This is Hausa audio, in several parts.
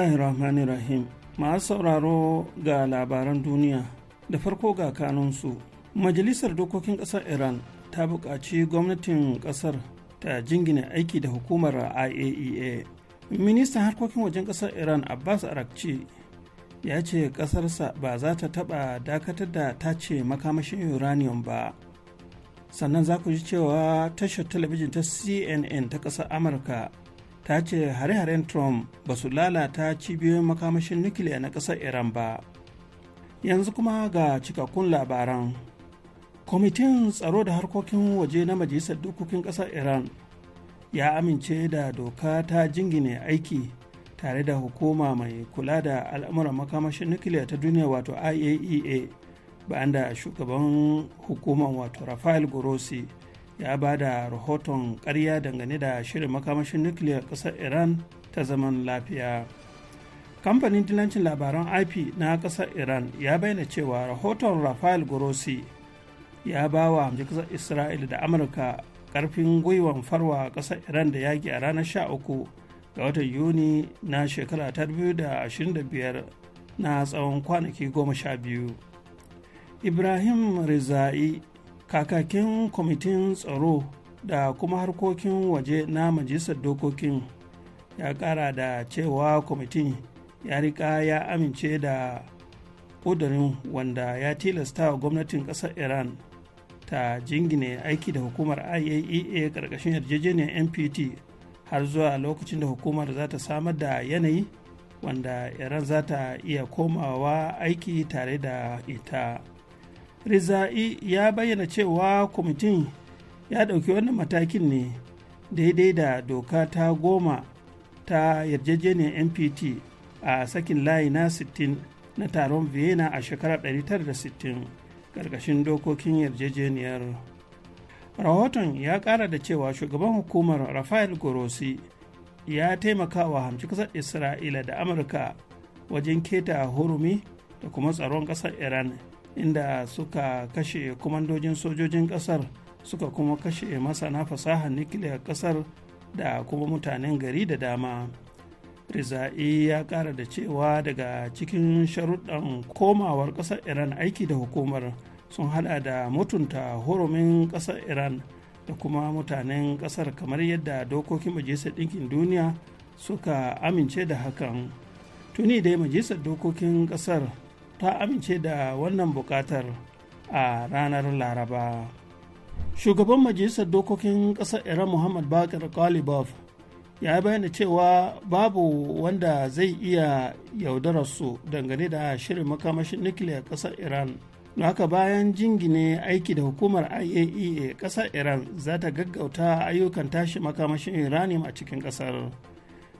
bismillahirrahmanirrahim masu sauraro ga labaran duniya da farko ga kanunsu majalisar dokokin ƙasar iran ta buƙaci gwamnatin ƙasar ta jingina aiki da hukumar iaea e ministan harkokin wajen ƙasar iran abbas arakci ya ce ƙasarsa ba za ta taɓa dakatar da ta ce makamashin uranium ba sannan za ku ji cewa tashar talabijin ta cnn ta ƙasar amurka ta ce hare-haren trump ba su lalata cibiyoyin makamashin nukiliya na ƙasar iran ba yanzu kuma ga cikakkun labaran kwamitin tsaro da harkokin waje na majalisar dokokin ƙasar iran ya amince da doka ta jingine aiki tare da hukuma mai kula da al'amuran makamashin nukiliya ta duniya wato iaea ba'anda da shugaban hukumar wato rafael grossi ya ba da rahoton karya dangane da shirin makamashin nukiliyar ƙasar iran ta zaman lafiya kamfanin dilancin labaran ip na ƙasar iran ya bayyana cewa rahoton rafael grossi ya ba wa ƙasar isra'ila da amurka ƙarfin gwiwan farwa ƙasar iran da yaƙi a ranar uku ga watan yuni na shekara ta 2025 na tsawon kwanaki goma sha 12 ibrahim rizai kakakin kwamitin tsaro da kuma harkokin waje na majalisar dokokin ya kara da cewa kwamitin ya rika ya amince da ƙudurin wanda ya tilasta wa gwamnatin ƙasar iran ta jingine aiki da hukumar iaea e ƙarƙashin yarjejeniyar npt har zuwa lokacin da hukumar za ta samar da yanayi wanda iran za ta iya komawa aiki tare da ita riza'i ya bayyana cewa kwamitin ya ɗauki wannan matakin ne daidai da doka ta goma ta yarjejeniyar npt a sakin layi na 60 na taron vienna a shekarar 1960 ƙarƙashin dokokin yarjejeniyar rahoton ya ƙara da cewa shugaban hukumar rafael gorosi ya taimaka wa hamci ƙasar isra'ila da amurka wajen keta hurumi da kuma tsaron ƙasar iran inda suka kashe kwamandojin sojojin kasar suka kuma kashe masana fasahar nukiliyar kasar da kuma mutanen gari da dama riza'i ya kara da cewa daga cikin sharuɗan komawar ƙasar iran aiki da hukumar sun hada da mutunta horomin ƙasar iran da kuma mutanen ƙasar kamar yadda dokokin majalisar ɗinkin duniya suka amince da hakan tuni dai majalisar dokokin ƙasar ta amince da wannan bukatar a ranar laraba shugaban majalisar dokokin ƙasar iran muhammad bakar kalibov ya bayyana cewa babu wanda zai iya yaudararsu dangane da shirin makamashin nukiliyar ƙasar iran na haka bayan jingine aiki da hukumar iaea e ƙasar iran za ta gaggauta ayyukan tashi makamashin uranium a cikin ƙasar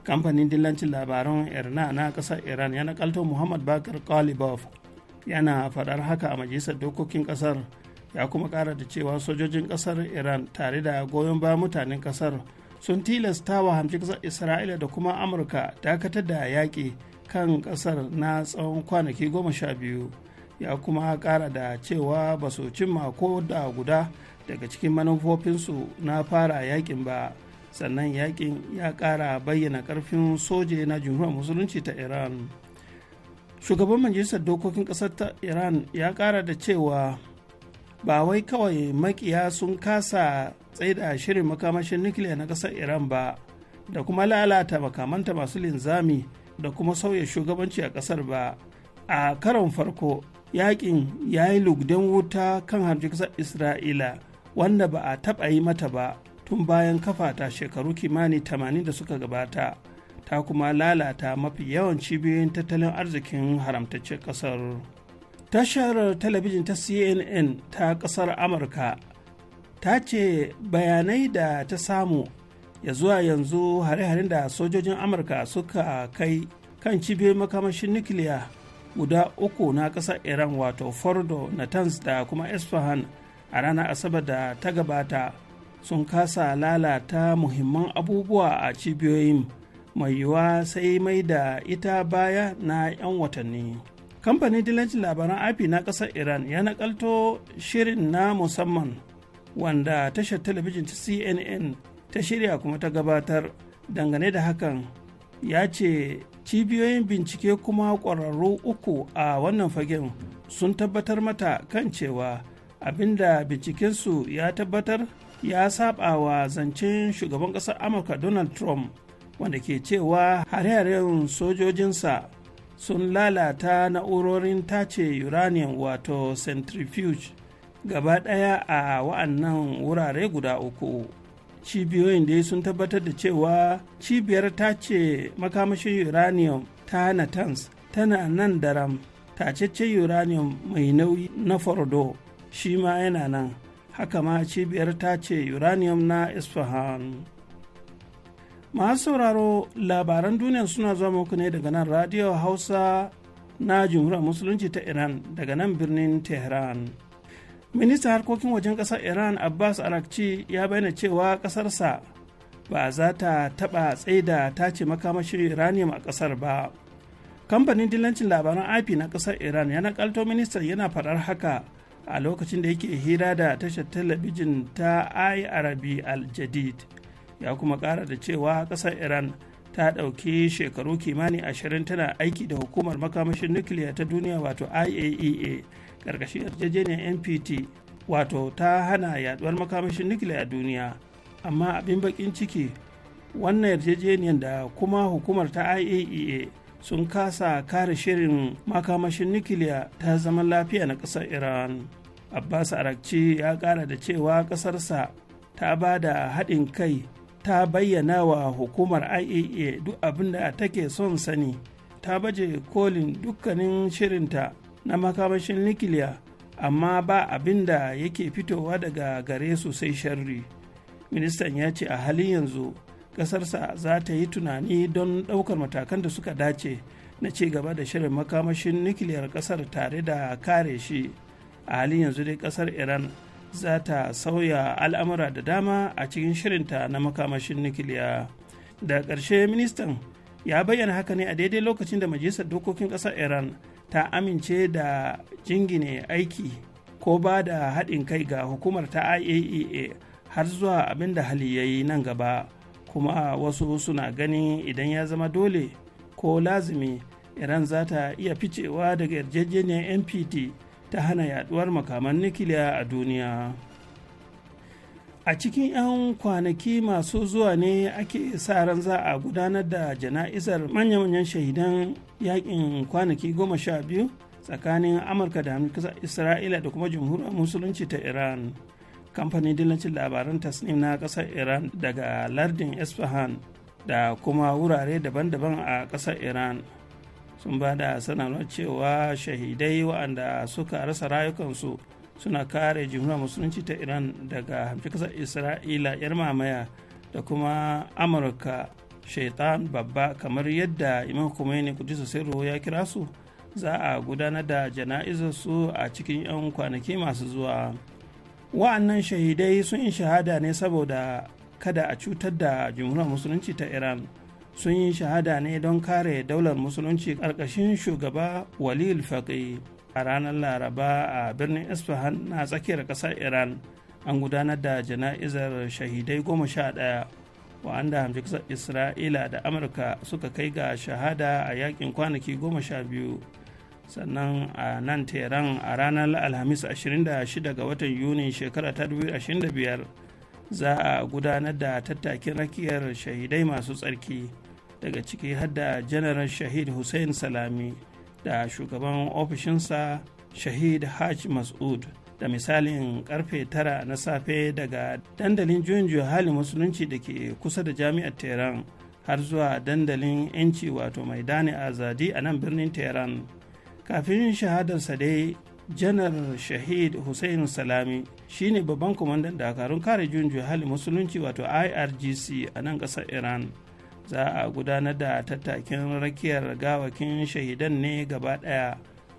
kamfanin dillancin labaran irna na kasar iran ya nakalto muhammad bakar kalibov yana faɗar haka a majalisar dokokin kasar ya kuma ƙara da cewa sojojin kasar iran tare da goyon ba mutanen kasar sun tilasta wa hamshi kasar isra'ila da kuma amurka dakatar da yaƙi kan kasar na tsawon kwanaki goma sha biyu ya kuma kara da cewa ba su cimma ko da guda daga cikin manufofinsu na fara yakin ba sannan yakin ya kara bayyana karfin soje na jumhuriyar musulunci ta iran shugaban majalisar dokokin kasar ta iran ya kara da cewa ba wai kawai makiya sun kasa tsaida shirin makamashin nukiliya na kasar iran ba da kuma lalata makamanta masu linzami da kuma sauya shugabanci a kasar ba a karon farko yakin ya yi lugden wuta kan kasar isra'ila wanda ba a taba yi mata ba tun bayan kafa ta shekaru kimani 80 da suka gabata ta kuma lalata mafi yawan cibiyoyin tattalin arzikin haramtaccen kasar tashar talabijin ta cnn ta kasar amurka ta ce bayanai da ta samu ya zuwa yanzu hare-haren da sojojin amurka suka kai kan cibiyoyin makamashin nukiliya guda uku na kasar iran wato fordo natanz da kuma isfahan a ranar asabar da ta gabata sun kasa lalata muhimman abubuwa a cibiyoyin mai yiwuwa sai mai da ita baya na 'yan watanni kamfanin dilancin labaran api na ƙasar iran ya nakalto shirin na musamman wanda tashar talabijin ta cnn ta shirya kuma ta gabatar dangane da hakan ya ce cibiyoyin bincike kuma ƙwararru uku a wannan fagen sun tabbatar mata kan cewa abinda bincikensu ya tabbatar ya saba wa zancen shugaban ƙasar amurka donald trump wanda ke cewa hare-haren sojojinsa sun lalata na'urorin tace uranium wato centrifuge gaba ɗaya a wa'annan wurare guda uku cibiyoyin dai sun tabbatar da cewa cibiyar tace makamashin uranium ta natanz tana nan daram tacecce uranium mai nauyi na fordo shi ma yana nan haka ma cibiyar ta ce uranium na isfahan masu sauraro labaran duniya suna zuwa muku ne daga nan radio hausa na jumhuriyar musulunci ta iran daga nan birnin tehran ministan harkokin wajen kasar iran abbas arakci ya bayyana cewa kasarsa ba za ta taɓa tsaida ta ce makamashin uranium a kasar ba kamfanin dillancin labaran ip na kasar iran ya nakalto ministan yana faɗar haka a lokacin da yake hira da tashar talabijin ta arabi al-jadid ya kuma kara da cewa kasar iran ta ɗauki shekaru kimani ashirin tana aiki da hukumar makamashin nukiliya ta duniya wato iaea e ƙarƙashin yarjejeniyar npt wato ta hana yaduwar makamashin nukiliya a duniya amma abin bakin ciki wannan yarjejeniyar da kuma hukumar ta iaea e sun kasa kare shirin makamashin nukiliya ta zaman lafiya na ƙasar iran abbas arakci ya ƙara da cewa ƙasarsa ta ba da haɗin kai ta bayyana wa hukumar iaea duk abin da take son sani ta baje kolin dukkanin shirinta na makamashin nukiliya amma ba abin da yake fitowa daga gare su sai sharri ministan ya ce a halin yanzu ƙasarsa za ta yi tunani don ɗaukar matakan da suka dace na ci gaba da shirin makamashin nukiliyar ƙasar tare da kare shi a halin yanzu dai ƙasar iran za ta sauya al'amura da dama a cikin shirinta na makamashin nukiliya da ƙarshe ministan ya bayyana haka ne a daidai lokacin da majalisar dokokin ƙasar iran ta amince da jingine aiki ko ba da haɗin kai ga hukumar ta iaea e har zuwa abin da hali ya yi nan gaba kuma wasu suna gani idan ya zama dole ko lazimi iran za ta iya ficewa daga yarjejeniyar npt ta hana yaduwar makaman nukiliya a duniya a cikin 'yan kwanaki masu zuwa ne ake sa ran za a gudanar da jana'izar manya-manyan shahidan yakin kwanaki goma sha tsakanin amurka da isra'ila da kuma jamhuriyar musulunci ta iran kamfanin dillancin labaran tasnim na kasar iran daga lardin isfahan da kuma wurare daban-daban a kasar iran sun ba da sanarwar cewa shahidai waɗanda suka rasa rayukansu suna kare jimlar musulunci ta iran daga hamshi kasar isra'ila yar mamaya da kuma amurka shaitan babba kamar yadda imam khomeini kudisa sirru ya kira su za a gudanar da jana'izar su a cikin 'yan kwanaki masu zuwa wa'annan shahidai sun yi shahada ne saboda kada a cutar da jumhuriyar musulunci ta iran sun yi shahada ne don kare daular musulunci ƙarƙashin shugaba walil faqi a ranar laraba a birnin isfahan na tsakiyar ƙasar iran an gudanar da jana'izar shahidai goma sha ɗaya wa'anda hamshin isra'ila da amurka suka kai ga shahada a yakin kwanaki goma sha biyu sannan a nan teran a ranar alhamis 26 ga watan yuni shekara ta 2025 za a gudanar da tattakin rakiyar shahidai masu tsarki daga ciki hadda janaral shahid hussein salami da shugaban ofishinsa shahid hajj mas'ud da misalin karfe 9 na safe daga dandalin juyin hali musulunci da ke kusa da jami'ar tehran har zuwa dandalin 'yanci wato mai maidani azadi a nan birnin tehran kafin shahadarsa dai janar shahid hussein salami shine babban kwamandan dakarun kare juyin hali musulunci wato irgc a nan kasar iran za a gudanar da tattakin rakiyar gawakin shahidan ne gaba ɗaya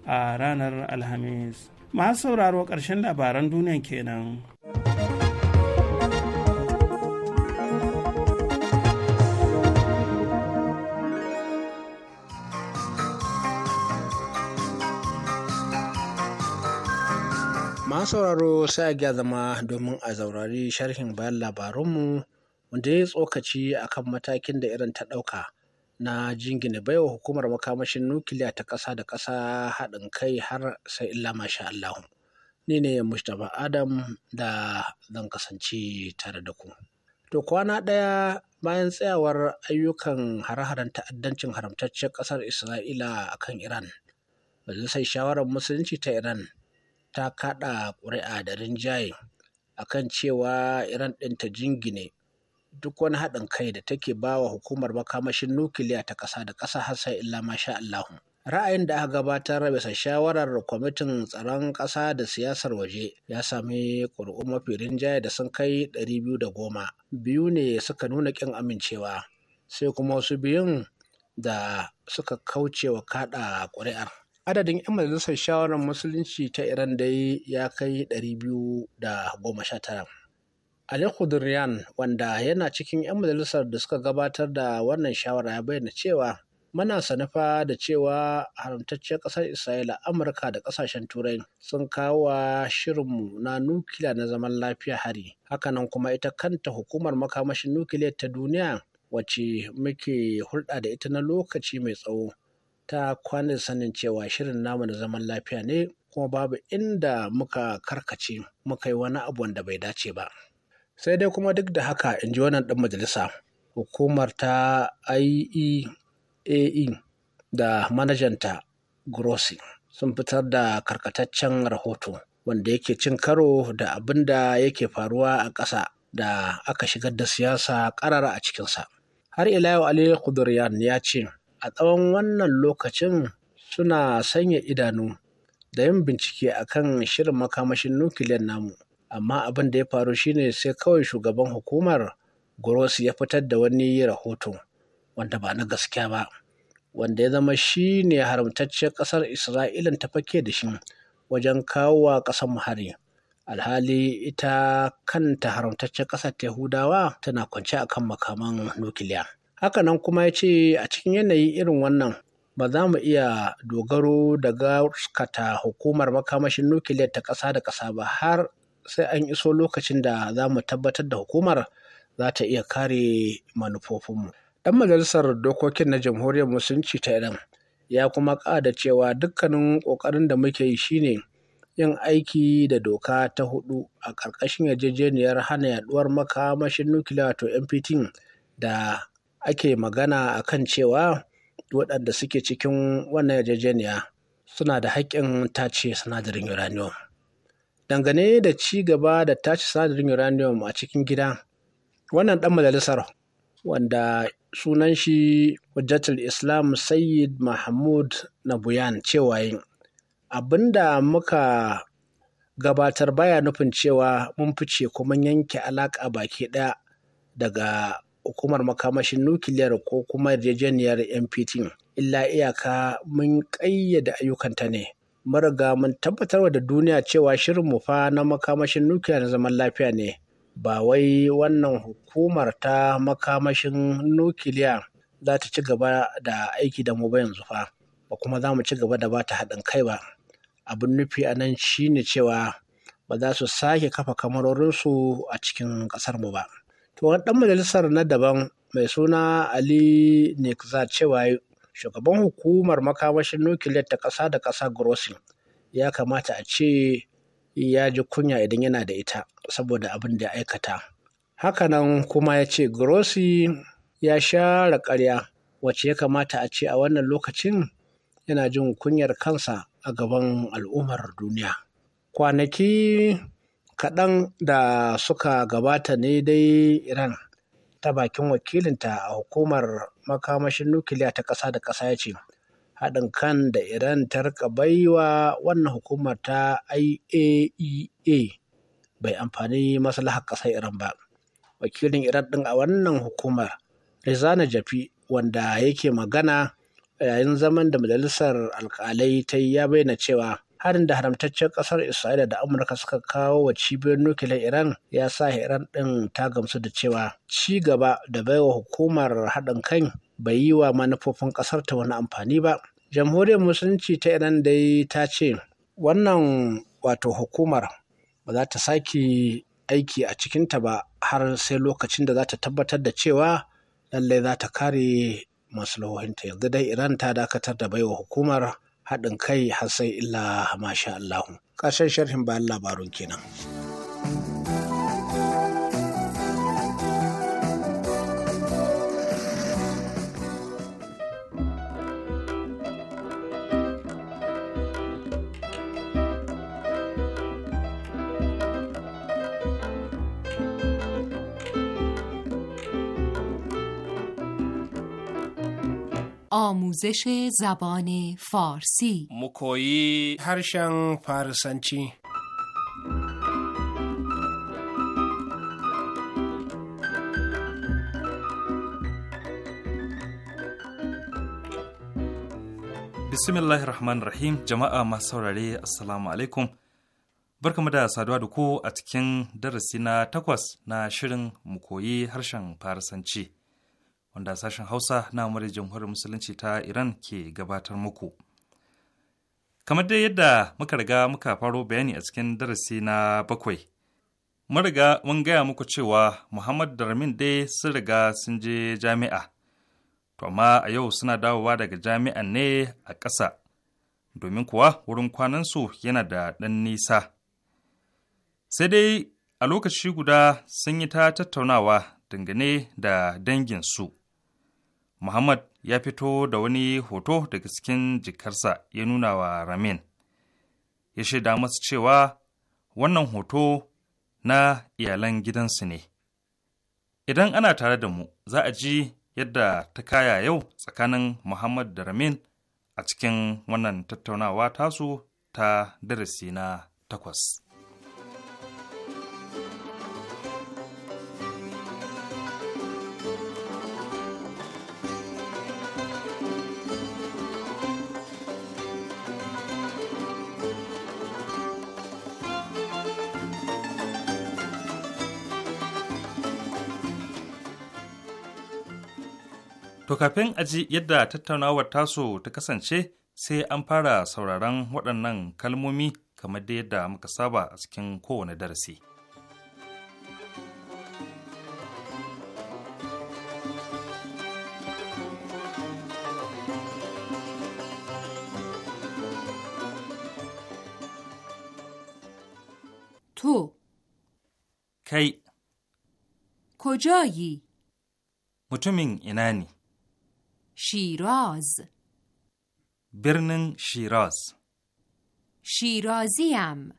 a ranar alhamis masu sauraro ƙarshen labaran duniya kenan. Masu sauraro sai a zama domin a zaurari sharhin bayan labarunmu wanda ya tsokaci a kan matakin da irin ta ɗauka na jingina baiwa hukumar makamashin nukiliya ta ƙasa da ƙasa haɗin kai har sai illa masha Allahu. Ni ne Mustapha Adam da zan kasance tare da ku. To kwana ɗaya bayan tsayawar ayyukan hare-haren ta'addancin haramtaccen ƙasar Isra'ila a kan Iran, Majalisar Shawarar Musulunci ta Iran ta kaɗa ƙuri'a da rinjaye a kan cewa Iran ɗinta ta jingine duk wani haɗin kai da take bawa hukumar makamashin nukiliya ta ƙasa da ƙasa har sai illa masha Allahu. Ra'ayin da aka gabatar bisa shawarar kwamitin tsaron ƙasa da siyasar waje ya sami ƙuri'u mafi rinjaye da sun kai ɗari Biyu ne suka nuna ƙin amincewa, sai kuma wasu biyun da suka kauce wa kaɗa ƙuri'ar. adadin 'yan majalisar shawarar musulunci ta iran dai ya kai 219 ali kudurian wanda yana cikin 'yan majalisar da suka gabatar da wannan shawara ya bayyana cewa muna sanufa da cewa haramtacciyar ƙasar isra'ila amurka da ƙasashen turai sun kawo wa shirinmu na nukiliya na zaman lafiya hari hakanan kuma ita kanta hukumar makamashin nukiliyar ta duniya wacce muke hulɗa da ita na lokaci mai tsawo ta kwanin sanin cewa shirin namu na zaman lafiya ne kuma babu inda muka karkace muka yi wani abu wanda bai dace ba sai dai kuma duk da haka in ji wannan ɗan majalisa hukumar ta IEAE e da manajanta Grossi sun fitar da karkataccen rahoto wanda yake cin karo da abin da yake faruwa a ƙasa da aka shigar da siyasa ƙarara a cikinsa. Har ila yau Ali ya ce, a tsawon wannan lokacin suna sanya idanu da yin bincike a kan shirin makamashin nukiliyan namu amma abin da ya faru shine sai kawai shugaban hukumar grossi ya fitar da wani rahoto wanda ba na gaskiya ba wanda ya zama shi ne haramtacce ƙasar isra'ila ta fake da shi wajen kawo wa ƙasar hari alhali ita kanta haramtacciyar ƙasar yahudawa tana kwance akan makaman nukiliya Hakanan kuma ya ce a cikin yanayi irin wannan ba za mu iya dogaro da gaskata hukumar makamashin nukiliyar ta ƙasa da ƙasa ba har sai an iso lokacin da za mu tabbatar da hukumar za ta iya kare manufofinmu. Ɗan majalisar dokokin na jamhuriyar musulunci ta Iran ya kuma ƙada cewa dukkanin ƙoƙarin da muke yi shine yin aiki da doka ta hudu a ƙarƙashin yarjejeniyar hana Yaɗuwar makamashin nukiliya to NPT da ake magana a kan cewa waɗanda suke cikin wannan yarjejeniya suna da haƙƙin tace sinadarin uranium. Dangane da ci gaba da tace sinadarin uranium a cikin gida, wannan ɗan majalisar wanda sunan shi Hujjatul Islam Sayyid Mahmud Nabuyan cewa yin abinda muka gabatar baya nufin cewa mun fice kuma yanke alaƙa baki ɗaya daga hukumar makamashin nukiliyar ko kuma yarjejeniyar NPT. Illa iyaka mun ƙayyade ayyukanta ne. Mariga mun tabbatarwa da duniya cewa shirin mu fa na makamashin nukiliya na zaman lafiya ne. Ba wai wannan hukumar ta makamashin nukiliya za ta ci gaba da aiki da mu ba yanzu fa. Ba kuma za mu ci gaba da ba ta haɗin kai ba. Abin nufi a nan shine cewa ba za su sake kafa kamarorinsu a cikin ƙasarmu ba. to wani dan majalisar na daban mai suna ali nekza cewa shugaban hukumar makamashin nukiliyar ta ƙasa da ƙasa grossing ya kamata a ce ya ji kunya idan yana da ita saboda abin da ya aikata hakanan kuma ya ce grossi ya share karya wacce ya kamata a ce a wannan lokacin yana jin kunyar kansa a gaban al'ummar duniya kwanaki kaɗan da suka gabata ne dai iran ta bakin wakilinta a hukumar makamashin nukiliya ta ƙasa da ƙasa ya ce haɗin kan da iran ta rika baiwa wannan hukumar ta iaea e bai amfani maslahar ƙasar iran ba wakilin iran ɗin a wannan hukumar rizana jafi wanda yake magana yayin zaman da majalisar alkalai ta yi ya bayyana cewa harin da haramtaccen kasar isra'ila da amurka suka kawo wa cibiyar nukiliyar iran ya sa iran din ta gamsu da cewa ci gaba da baiwa hukumar haɗin kai bai yi wa manufofin kasar ta wani amfani ba jamhuriyar musulunci ta iran dai ta ce wannan wato hukumar ba za ta sake aiki a cikinta ba har sai lokacin da za ta tabbatar da cewa lallai za ta kare masu maslahohinta yanzu dai iran ta dakatar da baiwa hukumar haɗin kai har sai illa masha Allahu. Ƙarshen sharhin bayan labarun kenan. آموزش زبان فارسی مکویی هرشن فارسنچی الله الرحمن Rahim, jama'a ما saurare السلام alaikum. Barkamu da saduwa da ku a cikin darasi na takwas na shirin mukoyi harshen Farisanci. wanda sashen Hausa na murar jamhuriyar Musulunci ta Iran ke gabatar muku. Kamar dai yadda muka riga muka faro bayani a cikin darasi na bakwai, mun riga mun gaya muku cewa Muhammad da Ramin dai sun riga sun je jami'a, to amma a yau suna dawowa daga jami'an ne a ƙasa, domin kuwa wurin kwanansu yana da ɗan nisa. Sai dai a lokaci guda sun yi ta tattaunawa dangane da danginsu. Muhammad ya fito da wani hoto daga cikin jikarsa ya nuna wa Ramin. Ya shaida masu cewa wannan hoto na iyalan gidansu ne. Idan ana tare da mu, za a ji yadda ta kaya yau tsakanin Muhammad da Ramin a cikin wannan tattaunawa tasu ta darasi na takwas. To kafin aji yadda tattaunawar taso ta kasance sai an fara sauraron waɗannan kalmomi kamar da yadda muka saba a cikin kowane darasi. تو کی کجایی متومین اینانی شیراز برنن شیراز شیرازیم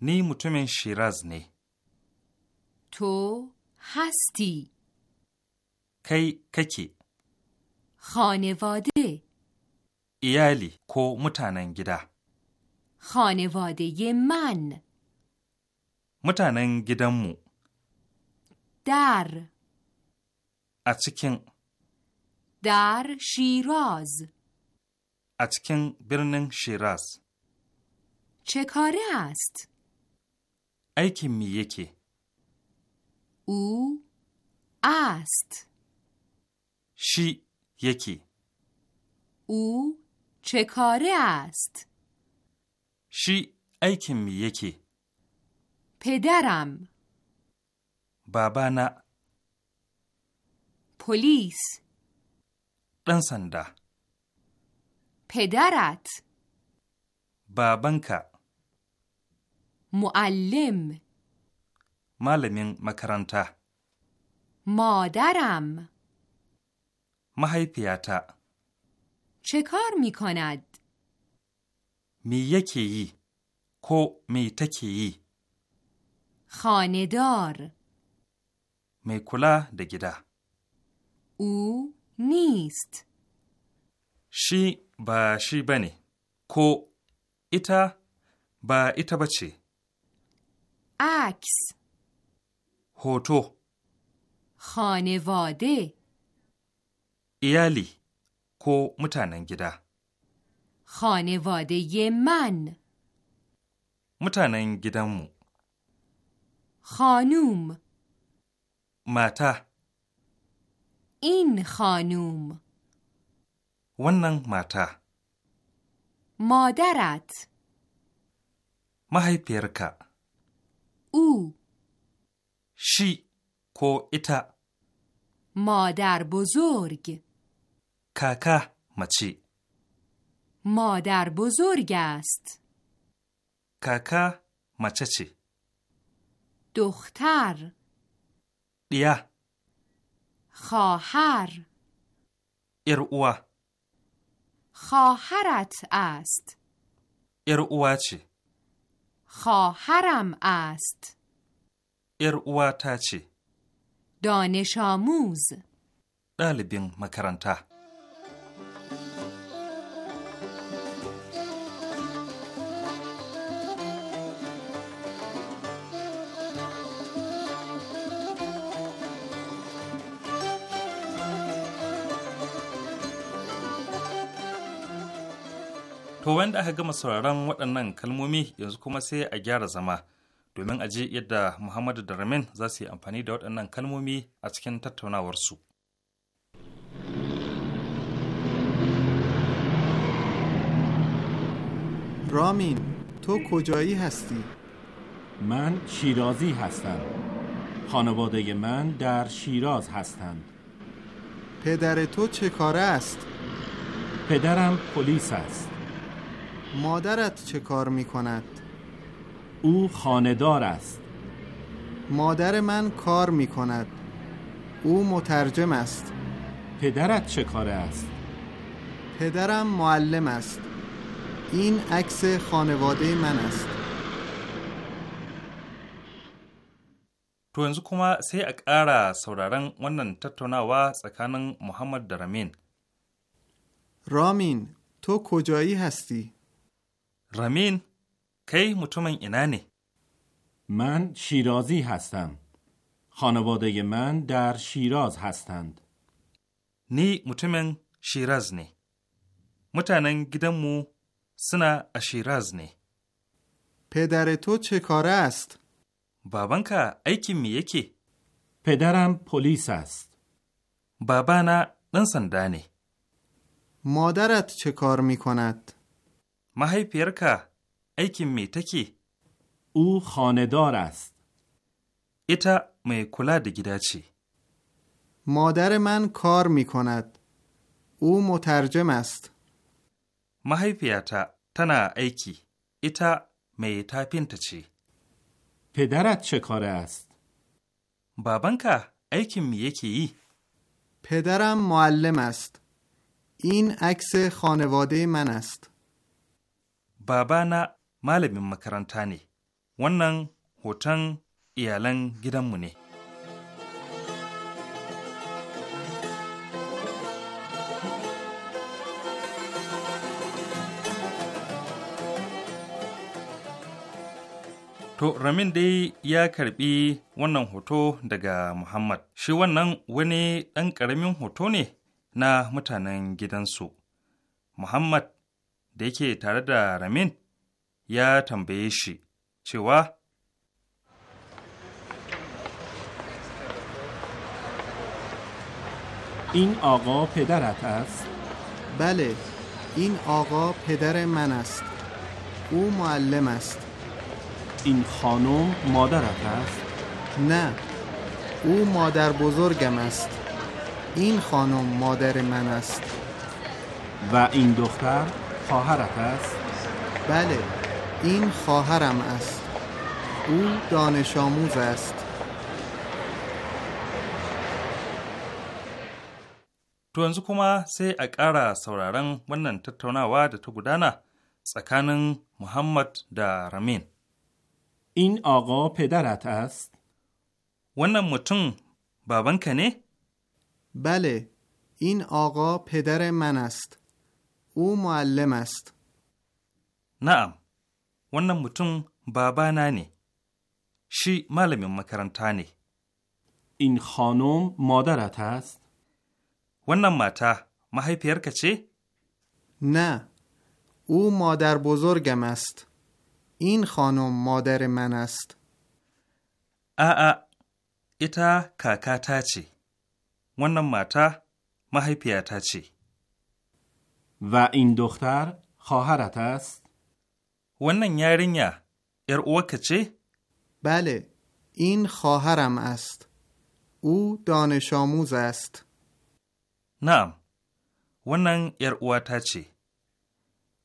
نی متومن شیراز نی تو هستی کی ککی خانواده ایالی کو متانن گیدا خانواده من متانن مو در اتیکن در شیراز اتکن برنن شیراز چه کاره است؟ ای که می یکی او است شی یکی او چه کاره است؟ شی ای که می یکی پدرم بابا نه پلیس ɗan sanda. پدرت بابنکا معلم معلمین مکرانتا مادرم مهیپیاتا چه کار می کند؟ می یکی ای. کو می تکی ای. خاندار می کلا دگیده او نیست شی با شی بنی کو ایتا با ایتا بچه عکس هوتو خانواده ایالی کو متانن گیدا خانواده من متانن خانوم ماتا این خانوم ونن ماتا مادرت مهیپیرکا او شی کو ایتا مادر بزرگ کاکا مچی مادر بزرگ است کاکا مچچی دختر دیا خواهر ارعوا خواهرت است ارعوا چی؟ خواهرم است ارعوا تا چی؟ دانش آموز دالبین مکرانتا. To wanda aka gama sauraron waɗannan kalmomi yanzu kuma sai a gyara zama domin a yadda Muhammadu da Ramin za su yi amfani da waɗannan kalmomi a cikin tattaunawarsu. رامین تو کجایی هستی؟ من شیرازی هستم خانواده من در شیراز هستند پدر to چه کاره است؟ پدرم پلیس ast مادرت چه کار می کند؟ او خاندار است مادر من کار می کند او مترجم است پدرت چه کار است؟ پدرم معلم است این عکس خانواده من است تو yanzu kuma سی a ƙara sauraron wannan tattaunawa tsakanin Muhammad da رامین تو کجایی هستی؟ رامین کی مطمئن اینانه من شیرازی هستم خانواده من در شیراز هستند نی مطمئن شیراز نه متنن گیدمو سنا اشیراز نه پدر تو چه کاره است؟ بابانکا ایکی می یکی پدرم پلیس است بابانا دن مادرت چه کار می کند؟ mahaifiyarka aikin می تکی او خاندار است ایتا می کلا ده گیدا مادر من کار می کند او مترجم است mahaifiyata تنا ایکی ita تا tafinta چی پدرت چه کار است؟ بابانکا ایکی می یکی پدرم معلم است. این عکس خانواده من است. babana malamin makaranta ne, wannan hoton iyalan gidanmu ne. To, Ramin dai ya karbi wannan hoto daga Muhammad. Shi wannan wani ɗan ƙaramin hoto ne na mutanen gidansu. Muhammad da yake tare da Ramin ya tambaye shi این آقا پدرت است؟ بله این آقا پدر من است او معلم است این خانم مادرت است؟ نه او مادر بزرگم است این خانم مادر من است و این دختر خواهرت است؟ بله این خواهرم است او دانش آموز است To yanzu kuma sai a ƙara sauraron wannan tattaunawa da ta gudana tsakanin Muhammad da Ramin. in آقا پدرت است؟ wannan mutum babanka ne? bale in آقا پدر من است. او معلم است. نعم. wannan mutum babana ne. Shi malamin makaranta ne. این خانم مادرت است؟ wannan mata mahaifiyarka ce? نه. او مادر بزرگم است. این خانم مادر من است. آآ ایتا کاکاتا ce. wannan mata mahaifiyata ce. و این دختر خواهرت است؟ ونن یارینیا ار اوکه چه؟ بله این خواهرم است او دانش آموز است نعم ونن ار اواتا چه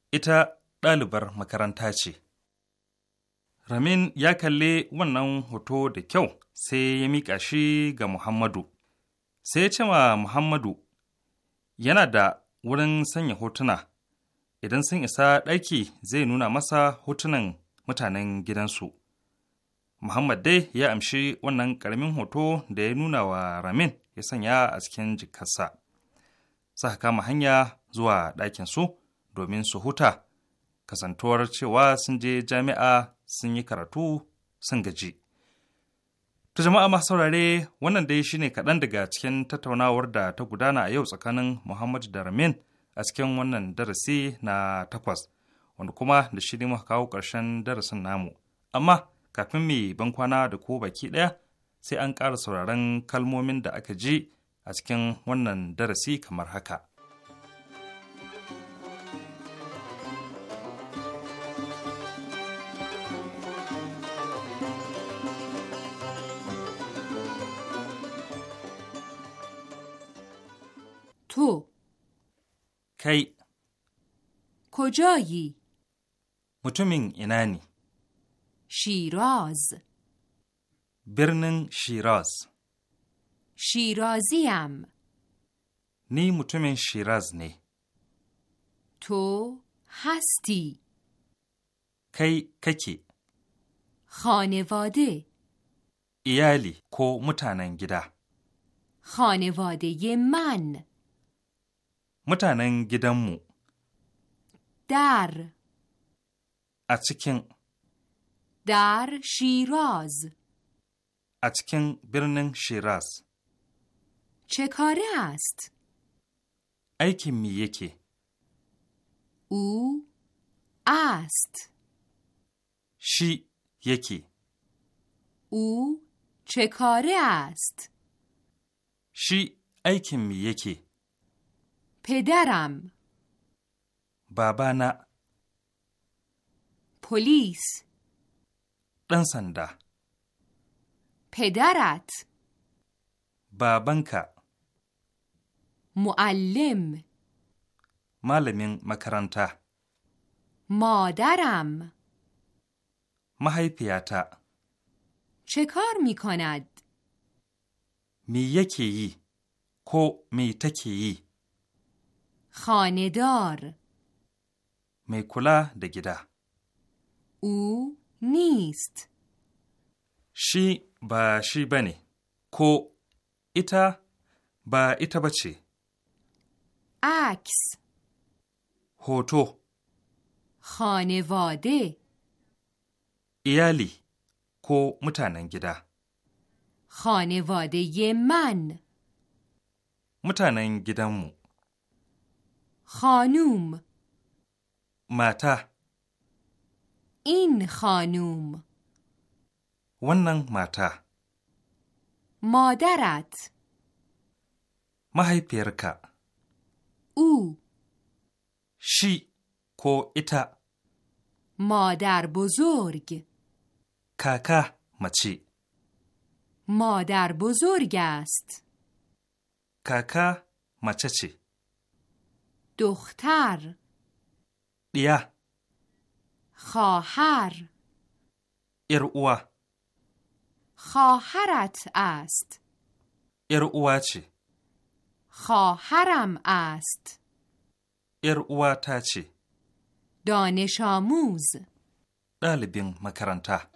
ایتا دالبر مکرانتا چه رامین یا کلی ونن هوتو ده کیو سی یا میکا گا محمدو سی چه ما محمدو yana da wurin sanya hotuna idan sun isa ɗaki zai nuna masa hotunan mutanen gidansu muhammad dai ya amshi wannan ƙaramin hoto da ya nuna wa ramin ya sanya a cikin jikarsa Saka kama hanya zuwa ɗakinsu domin su huta kasantuwar cewa sun je jami'a sun yi karatu sun gaji To jama'a masu saurare wannan dai shine kaɗan daga cikin tattaunawar da ta gudana a yau tsakanin muhammadu da Ramin a cikin wannan darasi na takwas wanda kuma da shi ne muka kawo ƙarshen darasin namu. Amma kafin mai ban kwana da ko baki ɗaya sai an ƙara sauraron kalmomin da aka ji a cikin wannan darasi kamar haka. تو کی کجایی متومین اینانی شیراز برنن شیراز شیرازیم نی متومین شیراز نی تو هستی کی ککی خانواده ایالی کو متانن گیده خانواده من mutanen gidanmu. Dar a cikin Dar Shiraz a cikin birnin Shiraz. Cekare ast aikin mi yake? U ast shi yake. U cekare ast shi aikin mi yake? پدرم بابانا پلیس ɗan sanda. Pedarat. Babanka. Muallim. Malamin makaranta. Madaram. Mahaifiyata. چه کار Me yake yi ko me take yi? خاندار میکولا دگیره او نیست. شی با شی بنی. کو ایتا با ایتا بچی عکس. هوتو. خانواده. ایالی کو متانن گیدا. خانواده من. متانن مو خانوم ماتا این خانوم ونن ماتا مادرت مهی پیرکا او شی کو ایتا مادر بزرگ کاکا مچی مادر بزرگ است کاکا مچچی دختر دیا خواهر ارعوا خواهرت است ارعوا چی؟ خواهرم است ارعوا تا چی؟ دانش آموز دالبین مکرانته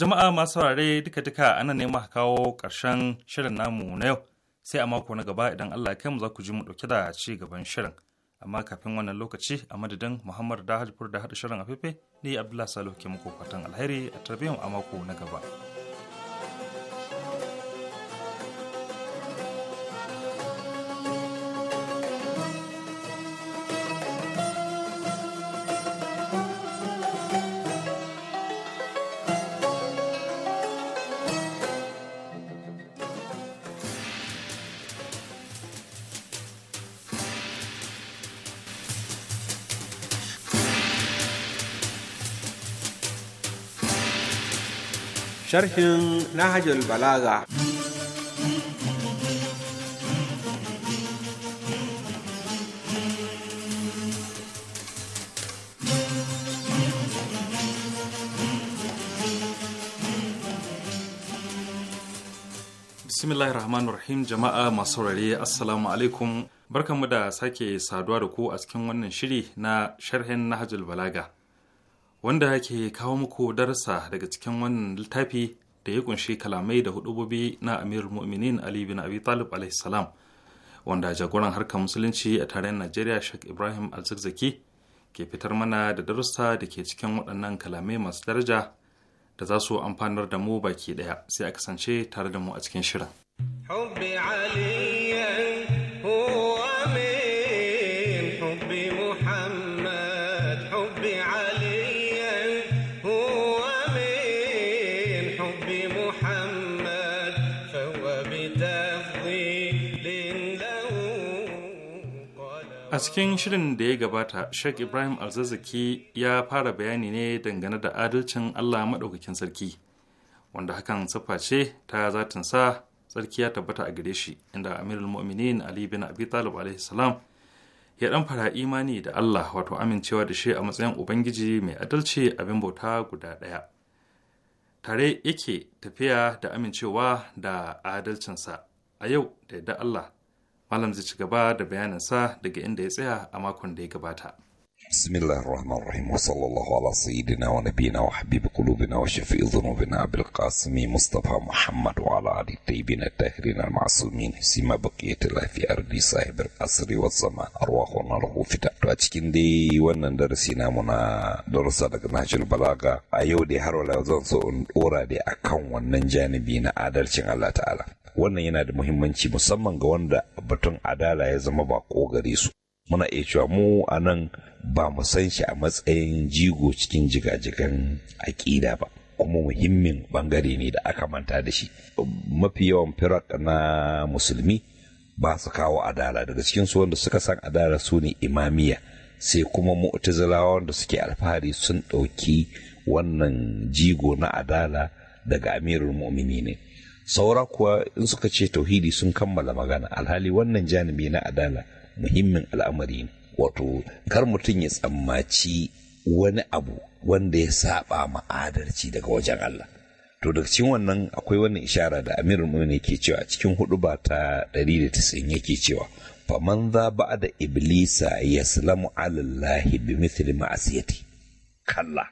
jama'a masu saurare duka-duka ana nema kawo karshen shirin namu na yau sai a mako na gaba idan Allah kai mu za ku ji mu ɗauke da ci gaban shirin. Amma kafin wannan lokaci a madadin Muhammad Dahajpur da hadu shirin a fefe ni Abdullahi salo ke muku fatan alheri a tarbiyyar a mako na gaba. sharhin Nahajul Balaga. bismillahir rahmanir rahim jama'a masu saurare assalamu alaikum barkanmu da sake saduwa da ku a cikin wannan shiri na sharhin nahajul balaga wanda ke kawo muku darasa daga cikin wannan littafi da ya kunshi kalamai da hudubobi na amir mu'minin ali bin abi talib alaihi salam wanda jagoran harkar musulunci a tarayyar najeriya sheikh ibrahim alzakzaki ke fitar mana da darussa da ke cikin waɗannan kalamai masu daraja da za su amfanar da mu baki ɗaya sai a kasance tare da mu a cikin shirin. A cikin shirin da ya gabata, Sheikh Ibrahim Alzazzaki ya fara bayani ne dangane da adalcin Allah Maɗaukakin Sarki, wanda hakan siffa ce ta sa sarki ya tabbata a gare shi, inda Amirul Mu'minin Ali bin Abi Talib salam ya ɗan fara imani da Allah wato amincewa da shi a matsayin Ubangiji mai adalci abin bauta guda ɗaya. Tare yake tafiya da amincewa da adalcinsa a yau da yadda Allah malam zai ci gaba da bayaninsa daga inda ya tsaya a makon da ya gabata Bismillahi rabil'ahim, wa sallallahu alaihi wa salatu wa salatu. Na wana biyana wa Habiba kulobina wa shafi izinin waɗana Abelkasimu Mustapha Muhammadu wa al'adu ta yi binatahirin al'umma Sima baƙe ta lafiya, arzikin su aibar da asirin watsama, arwa a kowanne na rufi fita. cikin wannan darasi mu na darussa daga Najeriya Balaga. A yau dai har wani zan so in ɗorade a kan wannan janibi na adalcin Allah Ta'ala. Wannan yana da muhimmanci, musamman ga wanda batun adala ya zama ba ko su. muna iya cewa mu a nan ba mu san shi a matsayin jigo cikin jigajigan aƙida ba kuma muhimmin bangare ne da aka manta da shi mafi yawan firak na musulmi ba su kawo adala daga cikin su wanda suka san adala su ne imamiya sai kuma mu'tazilawa wanda suke alfahari sun ɗauki wannan jigo na adala daga amirul mu'mini ne saura kuwa in suka ce tauhidi sun kammala magana alhali wannan janibi na adala muhimmin al'amari ne wato kar mutum ya tsammaci wani abu wanda ya saba ma'adarci daga wajen Allah to daga cikin wannan akwai wannan ishara da Amir Mumin yake cewa cikin hudu ba ta 190 yake cewa faman za ba da iblisa yaslamu ala Allah bi mithli ma'asiyati kalla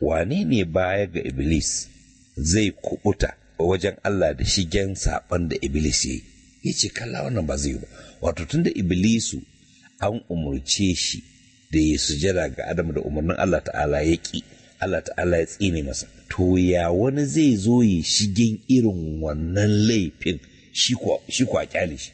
wane ne baya ga iblis zai kubuta wajen Allah da shigen saban da iblis yi? yace kalla wannan ba zai yi ba wato tun da iblisu an umarce shi da ya sujada ga adam da umarnin Allah ta'ala ya ƙi Allah ta'ala ya tsine masa to ya wani zai zo ya shigen irin wannan laifin shi kwa kyale shi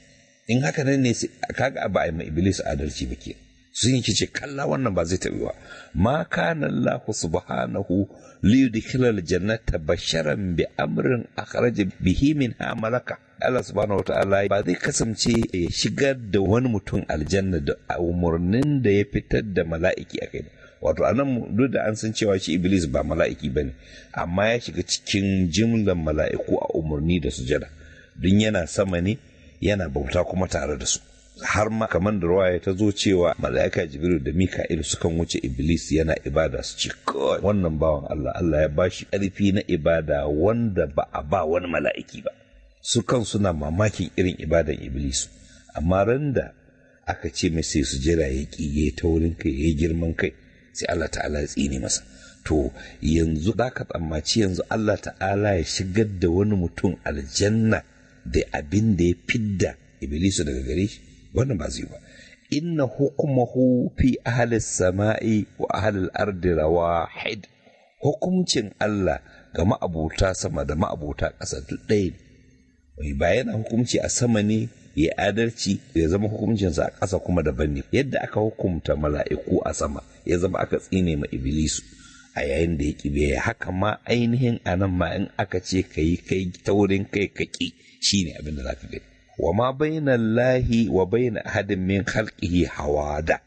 in haka nan ne kaga ba a yi mai iblis adalci ba ke sun yi ce kalla wannan ba zai taɓi ba ma kana Allah subhanahu liyudkhilal jannata basharan bi amrin akhraja bihi minha malaka Allah subhanahu wataala ba zai kasance ya shigar da wani mutum aljanna da umarnin da ya fitar da mala'iki a kai wato anan duk da an san cewa shi iblis ba mala'iki ne amma ya shiga cikin jimlan mala'iku a umarni da sujada don yana sama ne yana bauta kuma tare da su har ma kamar da ruwaya ta zo cewa mala'ika jibril da mika'il sukan wuce iblis yana ibada su ce wannan bawan allah allah ya bashi karfi na ibada wanda ba a ba wani mala'iki ba su kan suna mamakin irin ibadan iblis amma randa aka ce mai sai su jira ya ƙi ya ta wurin kai ya girman kai sai allah ta'ala ya tsini masa to yanzu za ka tsammaci yanzu allah ta'ala ya shigar da wani mutum aljanna da abin da ya fidda Iblis daga gare shi wannan ba zai ba inna hukumahu fi ahalis sama'i wa ahalil ardi rawahid hukuncin Allah ga ma'abuta sama da ma'abuta ƙasa duk ɗaya ne ba yana a sama ne ya adalci ya zama hukuncinsa a ƙasa kuma daban ne yadda aka hukumta mala'iku a sama ya zama aka tsine ma iblisu a yayin da ya ƙi haka ma ainihin anan ma in aka ce ka yi kai taurin kai ka ƙi shine abin da za ka gani wa ma wa baina ahadin min khalqihi hawada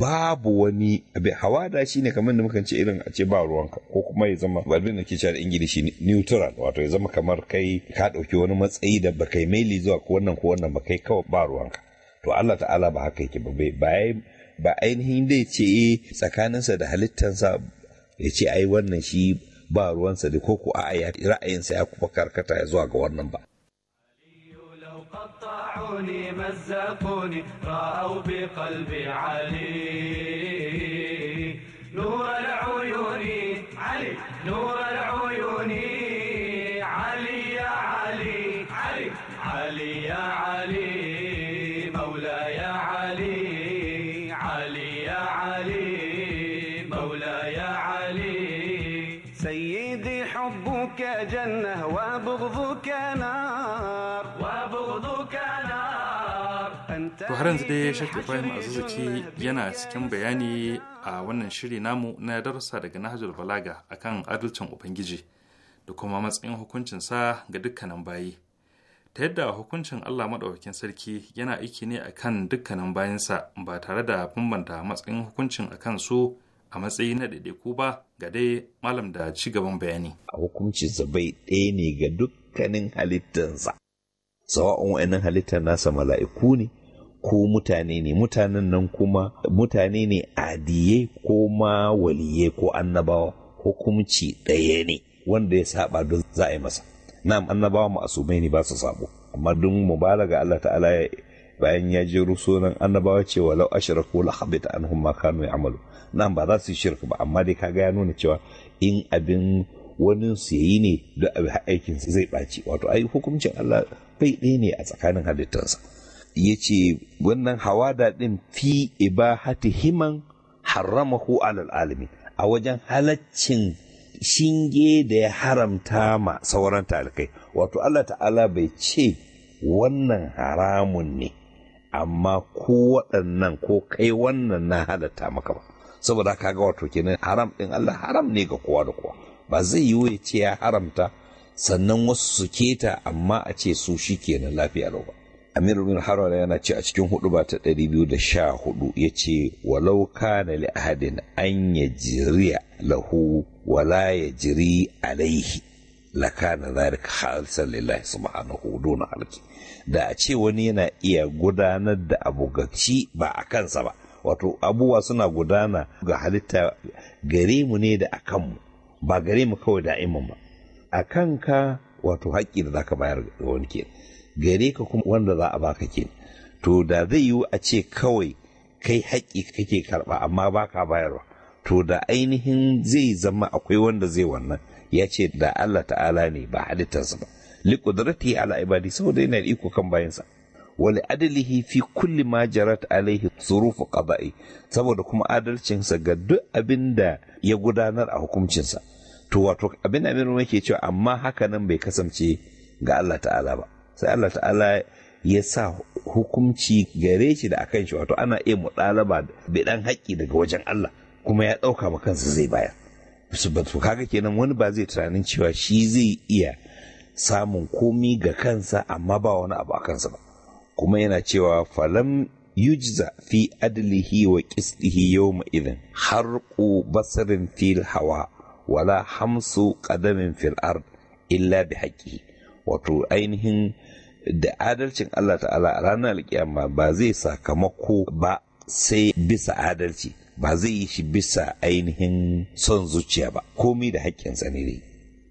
babu wani abin hawada ne kamar da muka ce irin a ce ba ruwanka ko kuma ya zama balbin da ke cewa da ingilishi neutral wato ya zama kamar kai ka ɗauki wani matsayi da ba kai maili zuwa ko wannan ko wannan ba kai kawai ba ruwanka to Allah ta'ala ba haka yake ba ba ainihin dai ce eh, tsakaninsa da halittansa ya ce ai wannan shi ba ruwansa da koko a ra'ayinsa ya kuma karkata ya zuwa ga wannan ba مزقوني مزقوني رأوا بقلبي علي نور العيون علي نور العيون علي يا علي علي علي يا علي har yanzu dai Sheikh Ibrahim zuzuki yana cikin bayani a wannan shiri namu na darasa daga nahajar Balaga akan adalcin Ubangiji da kuma matsayin hukuncinsa ga dukkanin bayi. Ta yadda hukuncin Allah Maɗaukakin Sarki yana aiki ne akan dukkanin bayansa ba tare da bambanta matsayin hukuncin akan su a matsayi na ɗaiɗaiku ba ga dai malam da ci gaban bayani. A hukunci zabai ɗaya ne ga dukkanin halittansa. Sawa'un wa'annan halittar nasa mala'iku ne, ko mutane ne mutanen nan kuma mutane ne adiye ko ma waliye ko annabawa hukumci ɗaya ne wanda ya saba don za a yi masa na'am annabawa ma'asumai ne ba su sabo amma duk mubalaga Allah ta'ala bayan ya je rusunan annabawa ce wa walau ashraku la habita anhum ma kanu ya'malu na ba za su yi shirka ba amma dai kaga ya nuna cewa in abin wani su yayi ne da aikin zai ɓaci wato ai hukuncin Allah bai ɗaya ne a tsakanin halittarsa ya ce wannan hawada ɗin fi ibahati himan haramahu alal alami a wajen halaccin shinge da ya haramta ma sauran talikai wato Allah ta'ala bai ce wannan haramun ne amma ko waɗannan ko kai wannan na halatta maka ba saboda kaga wato kenan haram ɗin Allah haram ne ga kowa da kowa ba zai yi ya ce ya haramta sannan wasu su keta amma a ce su shi kenan lafiya lau ba amir bin harwala yana ce a cikin hudu ba ta hudu. ya ce walau kana li ahadin an ya jiriya lahu wala ya jiri alaihi lakana zalika khalisan lillahi subhanahu duna halki da a ce wani yana iya gudanar da abu ga ci ba a kansa ba wato abubuwa suna gudana ga halitta gare mu ne da a kanmu ba gare mu kawai da'iman ba a kanka wato haƙƙi da zaka bayar ga wani kenan gare ka kuma wanda za a baka ke to da zai yiwu a ce kawai kai haƙƙi kake karɓa amma baka bayarwa to da ainihin zai zama akwai wanda zai wannan ya ce da Allah ta'ala ne ba halittarsa ba li qudratihi ala ibadi saboda yana da iko kan bayansa wa li fi kulli ma jarat alaihi zurufu qada'i saboda kuma adalcinsa ga duk abinda ya gudanar a hukuncinsa to wato abin da yake cewa amma haka nan bai kasance ga Allah ta'ala ba sai Allah ta'ala ya sa hukumci gare shi da akan shi wato ana iya muɗalaba bai dan haƙƙi daga wajen Allah kuma ya ɗauka ma kansa zai bayar su kaga kenan wani ba zai tunanin cewa shi zai iya samun komi ga kansa amma ba wani abu a kansa ba kuma yana cewa falam yujza fi adlihi wa qistihi yawma idhin harqu basarin fil hawa wala hamsu qadamin fil ard illa bi wato ainihin da adalcin Allah ta'ala a ranar alkiyama ba zai sakamako ba sai bisa adalci ba zai yi shi bisa ainihin son zuciya ba komi da haƙƙin ne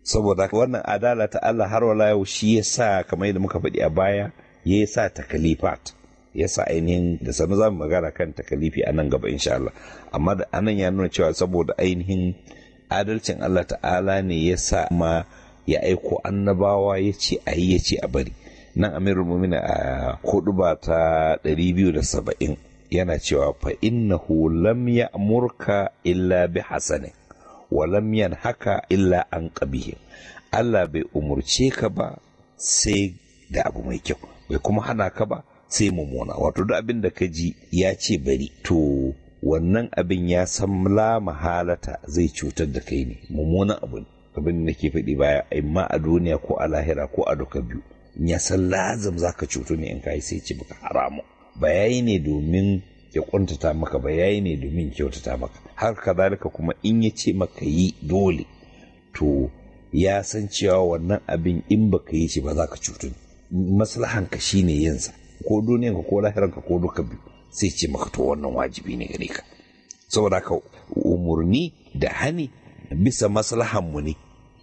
saboda wannan adala ta Allah har wala yau shi ya sa kamar yadda muka faɗi a baya ya sa takalifat ya sa ainihin da sami za mu magana kan takalifi a nan gaba insha Allah amma da anan ya nuna cewa saboda ainihin adalcin Allah ta'ala ne ya sa ma ya aiko annabawa ya ce a yi ya ce a bari nan amirul mumina a kudu ba ta 270 yana cewa fa innahu lam murka illa bi hasanin wa lam yanhaka illa an qabihi Allah bai umurce ka ba sai da abu mai kyau bai kuma hana ka ba sai mumuna, wato duk abin da ka ji ya ce bari to wannan abin ya san la mahalata zai cutar da kai ne mummunan abu ne abin da nake faɗi baya imma a duniya ko a lahira ko a duka biyu ya san lazim za ka cutu ne in kai sai ce baka haramu ba yayi ne domin ya kuntata maka ba yayi ne domin kyautata maka har kadalika kuma in ya ce maka yi dole to ya san cewa wannan abin in baka yi shi ba za ka cutu maslahanka shine yinsa ko duniyanka ko lahiranka ko duka biyu sai ce maka to wannan wajibi ne gare ka saboda ka umurni da hani bisa maslahan mu ne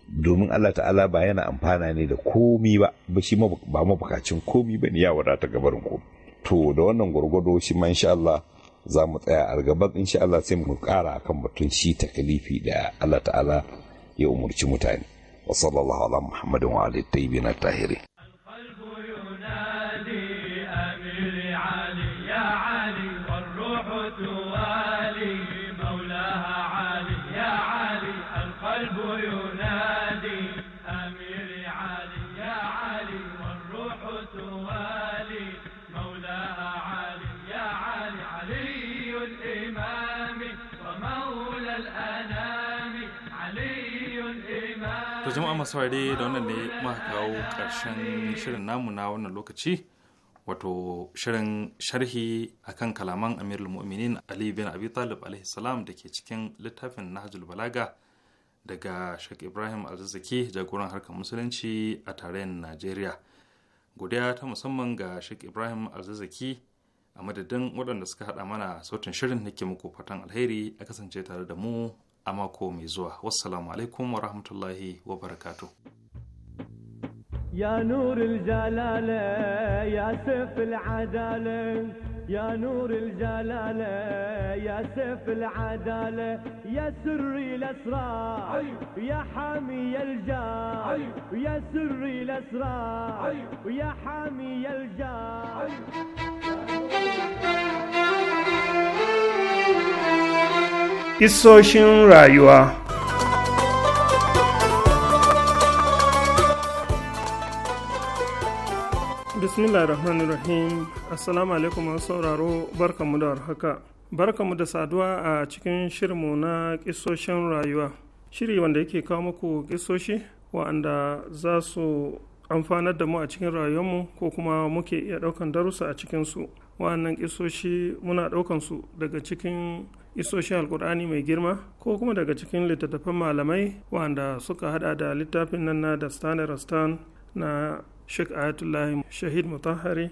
domin Allah ta'ala ba yana amfana ne da komi ba ba shi ba mabukacin komi ba ne ya wadata gabarin komi to da wannan gwargwado shi ma insha Allah za mu tsaya a gaban insha Allah sai mu kara akan batun shi takalifi da Allah ta'ala ya umurci mutane wa sallallahu ala muhammadin wa alihi tayyibin tahirin jama'a masu ware da wannan ne muka kawo ƙarshen shirin namu na wannan lokaci wato shirin sharhi akan kalaman amirul mu'minin ali bin abi talib alaihi salam da ke cikin littafin nahjul balaga daga Sheikh Ibrahim Alzazzaki jagoran harkar musulunci a tarayyar Najeriya. Godiya ta musamman ga Sheikh Ibrahim Alzazzaki a madadin waɗanda suka haɗa mana sautin shirin nake muku fatan alheri a kasance tare da mu a mako mai zuwa wassalamu alaikum wa rahmatullahi wa barakatuh يا نور الجلالة يا سيف العدالة يا نور الجلالة يا سيف العدالة يا سري الأسرار يا حامي الجار يا سري الأسرار يا حامي الجار Isoshin rayuwa Bismillahirrahmanirrahim Assalamu alaikum masu sauraro barkamu da warhaka. Barkamu da saduwa a cikin shirmu na kisoshin rayuwa. Shiri wanda yake kawo muku kisoshi wa'anda za su amfanar da mu a cikin rayuwarmu ko kuma muke iya ɗaukan darussa a cikin su. wannan isoshi muna ɗaukan su daga cikin isoshin alkur'ani mai girma ko kuma daga cikin littattafan malamai wanda suka hada da littafin nan na da stanar rastan na sheikh ayatullah shahid mutahari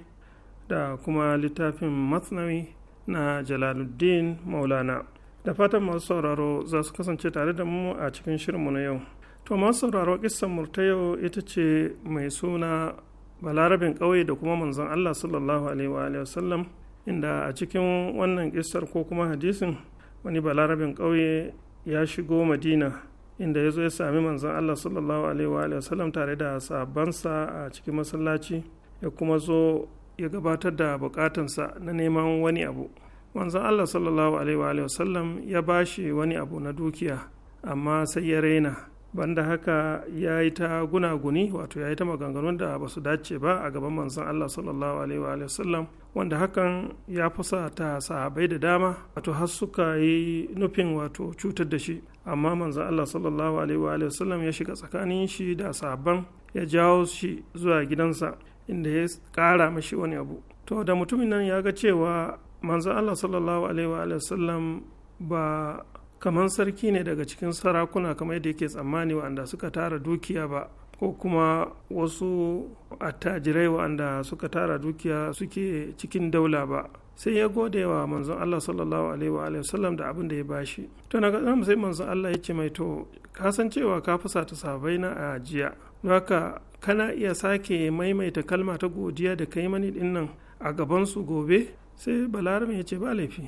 da kuma littafin matsnawi na jalaluddin maulana da fatan masu sauraro za su kasance tare da mu a cikin shirinmu na yau to masu sauraro kisan murta yau ita ce mai suna balarabin ƙauye da kuma manzon allah sallallahu alaihi sallam, inda a cikin wannan kissar ko kuma hadisin wani balarabin ƙauye ya shigo madina inda ya zo ya sami manzon allah sallallahu alaihi sallam tare da sabansa a cikin masallaci ya kuma zo ya gabatar da bukatansa na neman wani abu manzon allah sallallahu alaihi sallam, ya bashi wani abu na dukiya amma sai ya raina banda haka ya yi ta gunaguni wato ya yi ta maganganun da ba su dace ba a gaban manzon Allah sallallahu alaihi wa sallam wanda hakan ya fusa ta sahabai da dama wato har suka yi nufin wato cutar da shi amma manzon Allah sallallahu alaihi wa sallam ya shiga tsakanin shi da sahabban ya jawo shi zuwa gidansa inda ya kara mashi wani abu to da mutumin nan ya ga cewa manzon Allah sallallahu alaihi wa sallam ba kamar sarki ne daga cikin sarakuna kamar yadda yake tsammani wa'anda suka tara dukiya ba ko kuma wasu attajirai wa'anda suka tara dukiya suke cikin daula ba sai ya gode wa manzon Allah sallallahu alaihi wa sallam da abin da ya bashi to na ga sai manzon Allah ya ce mai to ka san cewa ka fusata sabai na a jiya haka kana iya sake maimaita kalma ta godiya da kai mani dinnan a gaban su gobe sai balaramin ya ce ba laifi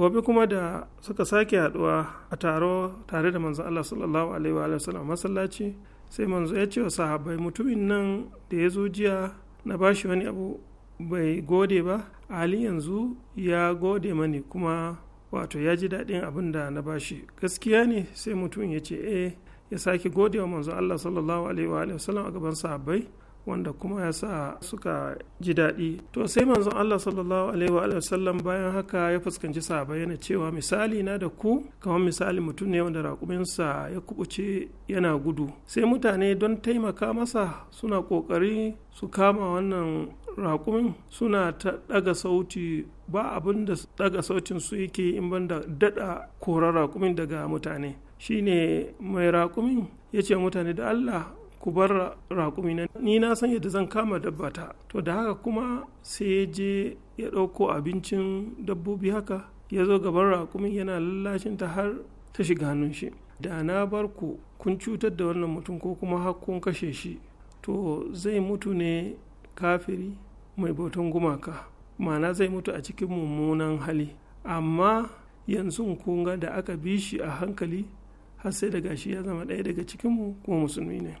gobe kuma da suka sake haduwa a taro tare da manzon Allah sallallahu alaihi wa sallam masallaci sai manzo ya ce wa sahabbai mutumin nan da ya zo jiya na bashi wani abu bai gode ba a halin yanzu ya gode mani kuma wato ya ji daɗin abin da na bashi gaskiya ne sai mutumin ya ce eh ya sake gode wa manzo Allah sallallahu alaihi wa sallam a gaban sahabbai wanda kuma ya sa suka ji daɗi to sai manzon Allah sallallahu alaihi wa sallam bayan haka ya fuskanci sahaba yana cewa misali na da ku kamar misali mutum ne wanda raƙuminsa ya kubuce yana gudu sai mutane don taimaka masa suna ƙoƙari su kama wannan raƙumin suna ta ɗaga sauti ba abin da ɗaga sautin su yake in ban da daɗa korar raƙumin daga mutane shine mai raƙumin ya ce mutane da Allah ku bar raƙumi na ni na san yadda zan kama dabba ta to da haka kuma sai ya je ya ɗauko abincin dabbobi haka ya zo gaban raƙumin yana lallashin ta har ta shiga hannun shi da na bar ku kun cutar da wannan mutum ko kuma har kashe shi to zai mutu ne kafiri mai bautan gumaka mana zai mutu a cikin mummunan hali amma yanzu kun da aka bi shi a hankali har sai daga shi ya zama ɗaya daga cikinmu kuma musulmi ne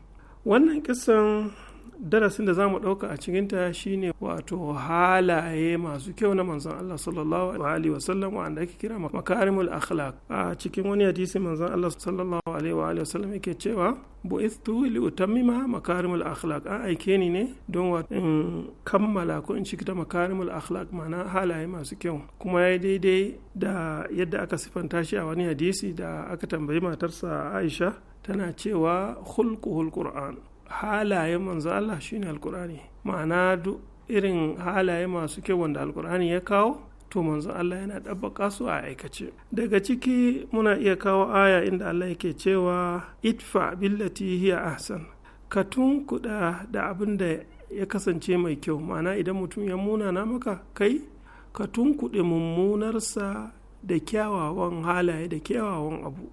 wannan kisan darasin da za mu ɗauka a cikinta shine wato halaye masu kyau na manzon Allah sallallahu alaihi wasallam wanda ake kira makarimul akhlaq a cikin wani hadisi manzon Allah sallallahu alaihi wa wasallam yake cewa bu'ithtu li utammima makarimul akhlaq an aike ni ne don in kammala ko in cikita makarimul akhlaq mana halaye masu kyau kuma ya daidai da yadda aka sifanta shi a wani hadisi da aka tambayi matarsa Aisha tana cewa hulkuhul qur'an halaye manzo Allah shine Alƙur'ani. ma'ana duk irin halaye masu kyau wanda Alƙur'ani ya kawo to manzo Allah yana ɗabbaƙa su a aikace daga ciki muna iya kawo aya inda Allah yake cewa itfa billati hiya ahsan ka tunkuɗa da abin da ya kasance mai kyau ma'ana idan mutum ya muna na maka kai ka tunkuɗe mummunarsa da kyawawan halaye da kyawawan abu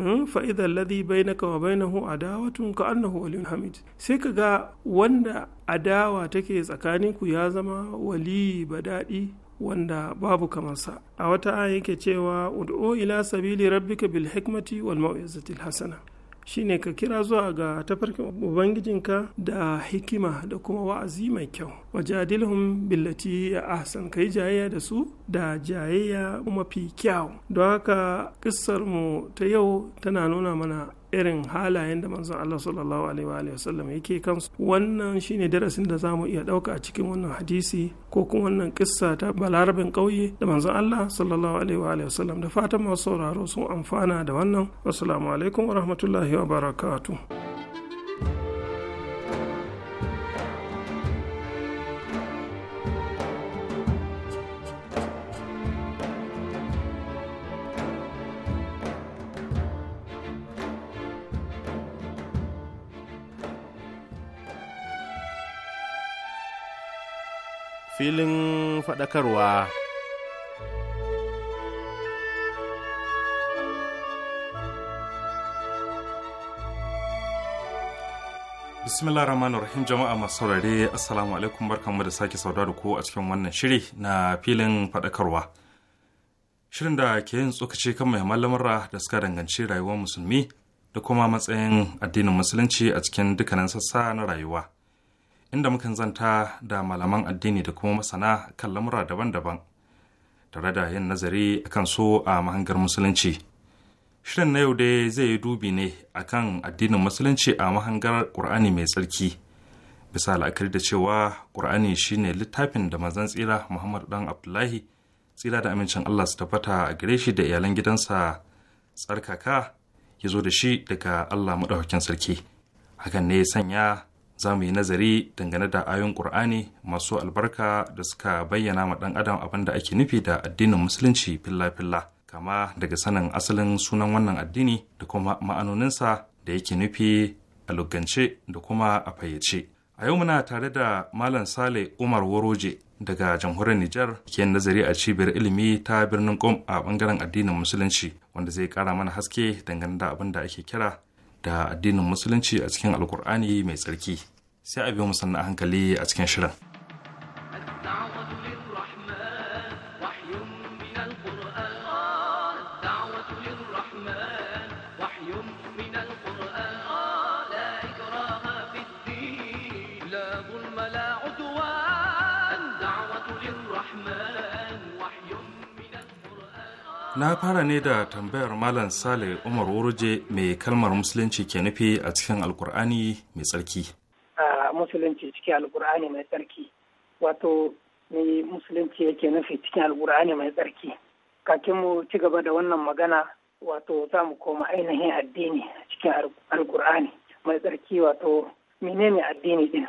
Hmm? fa'idar na bainaka a bainahu tun ka annahu waliyun hamid sai ka ga wanda adawa take tsakanin ku ya zama wali ba daɗi wanda babu kamar sa a wata aya yake cewa ud'u ila sabili rabbika bil hikmati wal mau'izatil hasana shine ka kira zuwa ga tafarkin ubangijinka da hikima da kuma wa'azi mai kyau wajadilhum billati ya ahsan kai jayayya da su da jayayya mafi kyau don haka kissar mu ta yau tana nuna mana irin halayen da manzon Allah sallallahu alaihi wasallam yake kansu wannan shine darasin da zamu iya dauka a cikin wannan hadisi ko kuma wannan kissa ta balarabin kauye da manzon Allah sallallahu alaihi wasallam da fatan masu sauraro sun amfana da wannan assalamu alaikum wa barakatuh filin faɗakarwa. bismillah rahman rahim jama'a masu saurare assalamu alaikum barkanmu da sake sauda da ku a cikin wannan shiri na filin faɗakarwa shirin da ke yin tsokaci kan muhimman lamura da suka danganci rayuwar musulmi da kuma matsayin addinin musulunci a cikin dukkanin sassa na rayuwa inda mukan zanta da malaman addini da kuma masana kan lamura daban-daban tare da yin nazari akan so a mahangar musulunci shirin na yau dai zai yi dubi ne akan addinin musulunci a mahangar ƙur'ani mai tsarki bisa la'akari da cewa ƙur'ani shine littafin da mazan tsira muhammad dan abdullahi tsira da amincin allah su tabbata a gare shi da iyalan gidansa tsarkaka ya zo da shi daga allah maɗaukakin sarki hakan ne ya sanya za mu yi nazari dangane da ayon ƙur'ani masu albarka da suka bayyana ma ɗan adam abin da ake nufi da addinin musulunci filla-filla kama daga sanin asalin sunan wannan addini da kuma ma'anoninsa da yake nufi a lugance da kuma a fayyace a yau muna tare da malam sale umar woroje daga jamhuriyar Nijar ke nazari a cibiyar ilimi ta birnin Qom a bangaren addinin Musulunci wanda zai kara mana haske dangane da abin da ake kira da addinin musulunci a cikin alkur'ani mai tsarki sai a biyo musamman hankali a cikin shirin. na fara ne da tambayar malam sale umar wuruje mai kalmar musulunci ke nufi a cikin alkur'ani mai tsarki musulunci cikin alkur'ani mai tsarki wato ne musulunci yake nufi cikin alkur'ani mai tsarki kakin mu ci gaba da wannan magana wato za mu koma ainihin addini a cikin alkur'ani mai tsarki wato menene addini din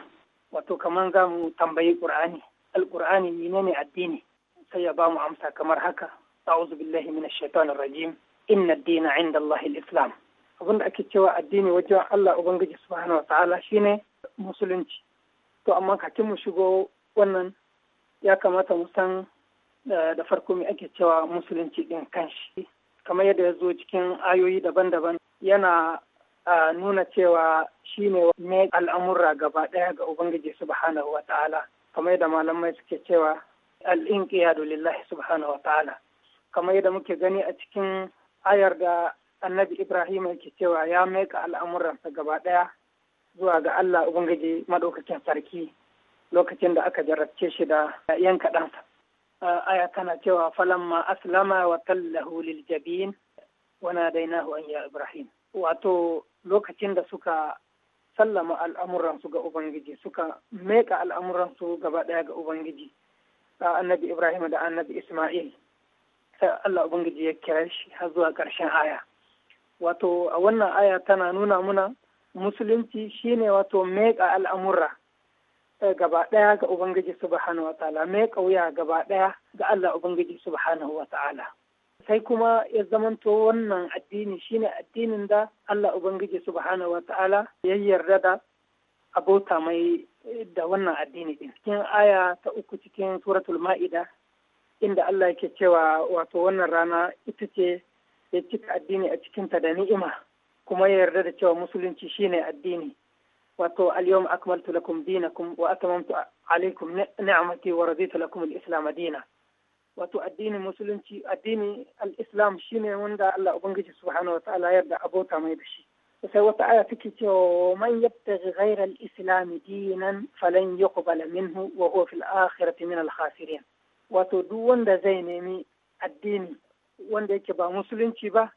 wato kamar za mu tambayi ƙur'ani alkur'ani menene addini sai ya ba mu amsa kamar haka أعوذ بالله من inna الرجيم إن الدين عند الله الإسلام abin da ake cewa addini wajen Allah Ubangiji subhanahu wa ta'ala shine musulunci to amma kafin mu shigo wannan ya kamata mu san eh, da farko me ake cewa musulunci din kanshi kamar yadda ya zo cikin ayoyi daban-daban yana eh, nuna cewa shine ne al'amurra gaba ɗaya ga Ubangiji subhanahu wa ta'ala kamar yadda malamai suke cewa al'inqiyadu lillahi subhanahu wa ta'ala kamar yadda muke gani a cikin ayar da annabi ibrahim yake cewa ya maika al'amuransa gaba ɗaya zuwa ga allah ubangiji maɗaukakin sarki lokacin da aka jarabce shi da yanka ɗansa aya tana cewa falamma aslama wa tallahu lil jabin wana dainahu an ya ibrahim wato lokacin da suka sallama al'amuransu ga ubangiji suka meka al'amuransu gaba ɗaya ga ubangiji annabi ibrahim da annabi isma'il Allah Ubangiji ya kira shi har zuwa ƙarshen aya. Wato a wannan aya tana nuna muna musulunci shine wato meƙa al'amura eh, gaba ɗaya ga Ubangiji subhanahu wa ta'ala, meƙa wuya gaba ɗaya ga Allah Ubangiji subhanahu wa ta'ala. Sai kuma ya zamanto wannan addini shine addinin da Allah Ubangiji subhanahu wa ta'ala ya yarda da abota mai eh, da wannan addini din. Cikin aya ta uku cikin suratul ma'ida inda Allah yake cewa wato wannan rana ita ce ya cika addini a cikinta da ni'ima kuma ya yarda da cewa musulunci shine addini wato al-yawma akmaltu lakum dinakum wa atamamtu alaikum ni'mati wa raditu lakum al-islam dina wato addini musulunci addini al-islam shine wanda Allah ubangiji subhanahu wataala ya yarda abota mai da shi sai wata aya take cewa man yabtaghi ghayra al-islam dinan falan yuqbala minhu wa huwa fil akhirati min al-khasirin wato duk wanda zai nemi addini wanda yake ba musulunci ba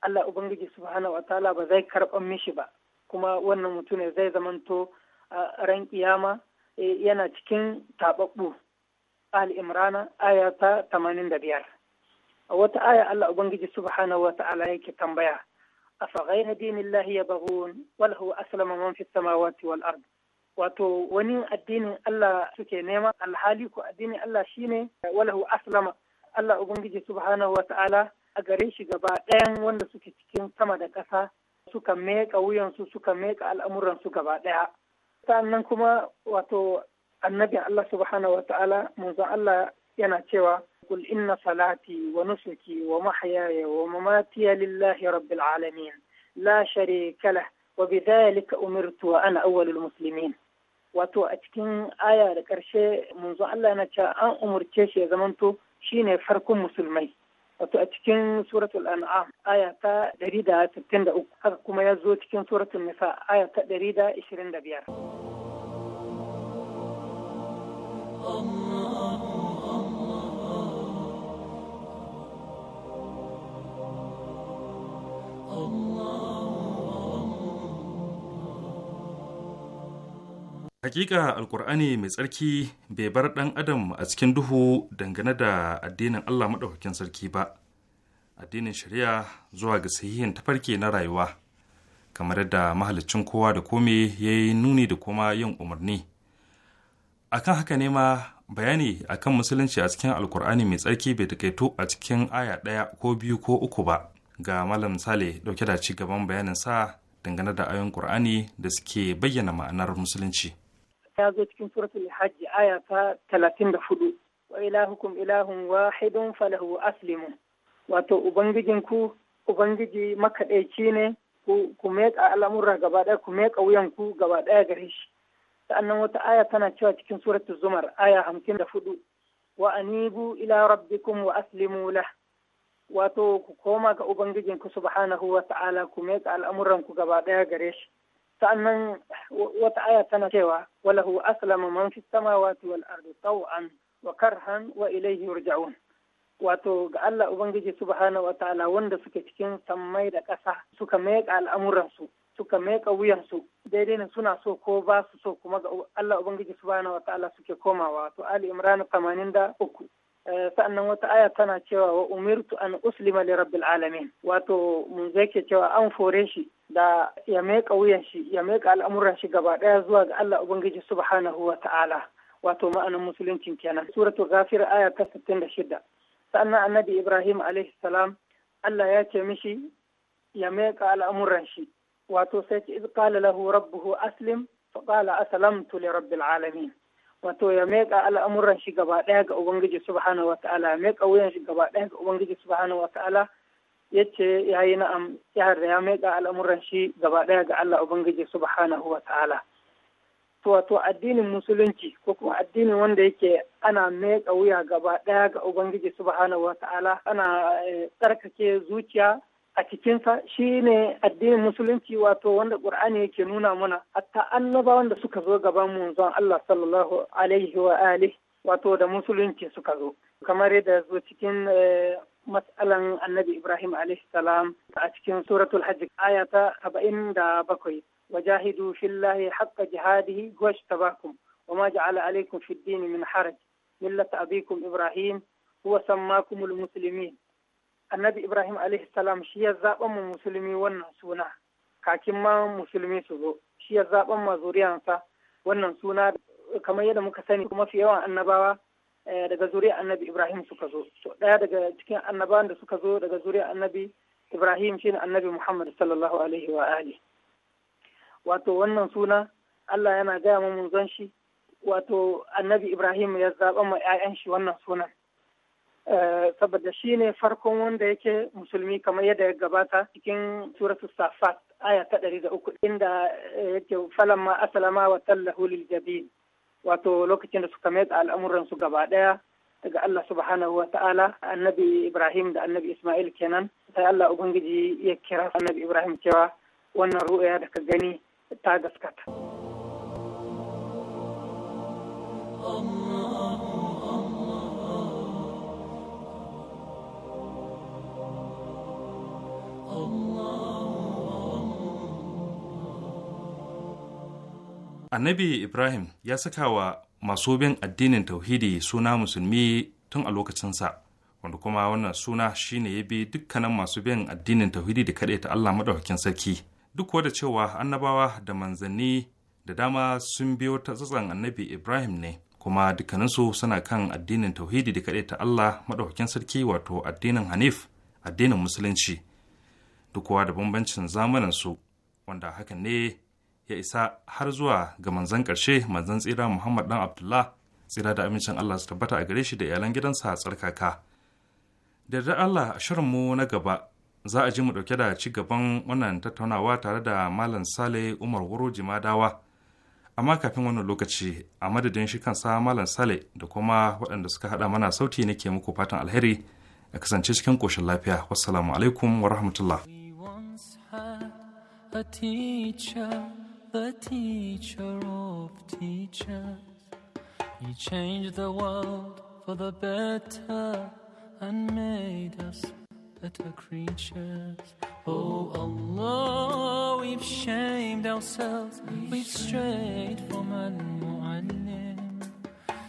Allah Ubangiji subhanahu wa ta'ala ba zai karɓan mishi ba kuma wannan mutum ne zai zamanto a ran kiyama e, yana cikin taɓaɓɓu al-imrana aya ta tamanin da biyar a wata aya Allah Ubangiji subhanahu wa ta'ala yake tambaya أفغير دين الله يبغون aslama mafi من في السماوات والأرض wato wani addinin Allah suke nema alhali ko addinin Allah shine walahu aslama Allah ubangiji subhanahu wa ta'ala a gare shi gaba ɗayan wanda suke cikin sama da ƙasa suka meka wuyansu suka meka al'amuransu gaba ɗaya sannan kuma wato annabin Allah subhanahu wa ta'ala manzon Allah yana cewa kul inna salati wa nusuki wa mahyaya wa mamatiya lillahi rabbil alamin la sharika lahu وبذلك أمرت وأنا أول المسلمين wato a cikin aya da ƙarshe munzo Allah yana cewa an umurce shi ya zamanto shine farkon musulmai wato a cikin suratul an'am aya ta 163 haka kuma ya zo cikin suratul nisa aya ta 125 Hakika Alkur'ani mai tsarki bai bar ɗan adam a cikin duhu dangane da addinin Allah maɗaukakin sarki ba. Addinin shari'a zuwa ga sahihin tafarki na rayuwa, kamar da mahalicin kowa da kome ya yi nuni da kuma yin umarni. Akan haka ne ma bayani akan musulunci a cikin alkur'ani mai tsarki bai takaito a cikin aya ɗaya ko biyu ko uku ba ga malam sale ɗauke da ci gaban bayanin sa dangane da ayoyin kur'ani da suke bayyana ma'anar musulunci. ya zo cikin suratul hajji aya ta talatin da hudu wa ilahukum ilahun wahidun falahu aslimu wato ubangijinku ubangiji makaɗaici ne ku meƙa al'amurra gaba ɗaya ku meƙa wuyanku gaba ɗaya gare shi sa'annan wata aya tana cewa cikin suratul zumar aya hamsin da hudu wa anibu ila rabbikum wa aslimu lah wato ku koma ga ubangijinku subhanahu wa ta'ala ku meƙa al'amuranku gaba ɗaya gare shi sa'annan wata aya tana cewa walahu aslama man fi samawati wal ardi taw'an wa karhan wa ilayhi yurja'un wato ga Allah ubangiji subhanahu wa ta'ala wanda suke cikin sammai da ƙasa suka al'amuran al'amuransu suka wuyan wuyansu daidai ne suna so ko ba su so kuma ga Allah ubangiji subhanahu wa ta'ala suke komawa to Ali Imran 83 Eh, sa'annan wata aya tana cewa wa umirtu an uslima li rabbil alamin wato mun cewa an fore shi da ya meka wuyan shi ya meka al'amuran shi gaba daya zuwa ga Allah ubangiji subhanahu wa ta'ala wato ma'anin musuluncin kenan suratul ghafir aya ta 66 sa'annan annabi ibrahim alaihi salam Allah ya ce mishi ya meka al'amuran shi wato sai ce iz qala lahu rabbuhu aslim fa qala aslamtu li rabbil alamin wato ya meka al'amuran shi gaba ɗaya ga ubangiji subhanahu wata'ala ya meka wuyan shi gaba ɗaya ga ubangiji subhanahu wata'ala ta'ala yace yayi na'am jihar da ya meka al'amuran shi gaba ɗaya ga Allah ubangiji subhanahu wata'ala to wato addinin musulunci ko kuma addinin wanda yake ana meka wuya gaba ɗaya ga ubangiji subhanahu wata'ala ana eh, tsarkake zuciya a cikinsa shi ne addinin musulunci wato wanda ƙur'ani yake nuna mana hatta annabawan da suka zo gaban manzon Allah sallallahu alaihi wa alihi wato da musulunci suka zo kamar yadda zo cikin eh, matsalan annabi Ibrahim alaihi salam a cikin suratul hajj aya ta da 77 wajahidu fillahi haqqa jihadihi washtabakum وما جعل عليكم في الدين من حرج ملة أبيكم إبراهيم هو سماكم المسلمين annabi ibrahim alaihi salam shi ya zaɓa mu musulmi wannan suna kakin ma musulmi su zo shi ya zaɓa ma zuriyansa wannan suna kamar yadda muka sani kuma fi yawan annabawa eh, daga zuriyar annabi ibrahim suka zo to ɗaya daga cikin annabawan da suka zo daga zuriyar annabi ibrahim shine annabi muhammad sallallahu alaihi wa ali wato wannan suna allah yana gaya mu zan shi wato annabi ibrahim ya zaɓa ma 'ya'yan shi wannan sunan Eh, saboda shi ne farkon wanda yake musulmi kamar yadda ya gabata cikin suratu safat aya ta ɗari da uku inda eh, yake falamma asalama wa tallahu lil jabin wato lokacin da suka metsa al'amuran su gaba ɗaya daga Allah subhanahu wa ta'ala annabi Ibrahim da annabi Ismail kenan sai Allah ubangiji ya kira annabi Ibrahim cewa wannan ru'aya da ka gani ta gaskata. Allah. Annabi Ibrahim ya saka wa masu bin addinin tauhidi suna musulmi tun a lokacinsa, wanda kuma wannan suna shine ya bi dukkanin masu bin addinin tauhidi da kaɗai ta Allah maɗaukakin sarki. Duk da cewa annabawa da manzanni da dama sun biyo ta tsatsan Annabi Ibrahim ne, kuma dukkaninsu suna kan addinin tauhidi da kaɗai ta Allah maɗaukakin sarki wato addinin Hanif, addinin Musulunci. Duk da bambancin zamanin su wanda hakan ne ya isa har zuwa ga manzan ƙarshe manzan tsira muhammad dan abdullah tsira da amincin allah su tabbata a gare shi da iyalan gidansa tsarkaka da allah a shirinmu na gaba za a ji mu ɗauke da ci gaban wannan tattaunawa tare da malam sale umar wuro jimadawa amma kafin wannan lokaci a madadin shi kansa malam sale da kuma waɗanda suka haɗa mana sauti nake muku fatan alheri a kasance cikin ƙoshin lafiya wassalamu alaikum wa rahmatullah the teacher of teachers. He changed the world for the better and made us better creatures. Oh Allah, we've shamed ourselves, we've strayed from Al Mu'allim.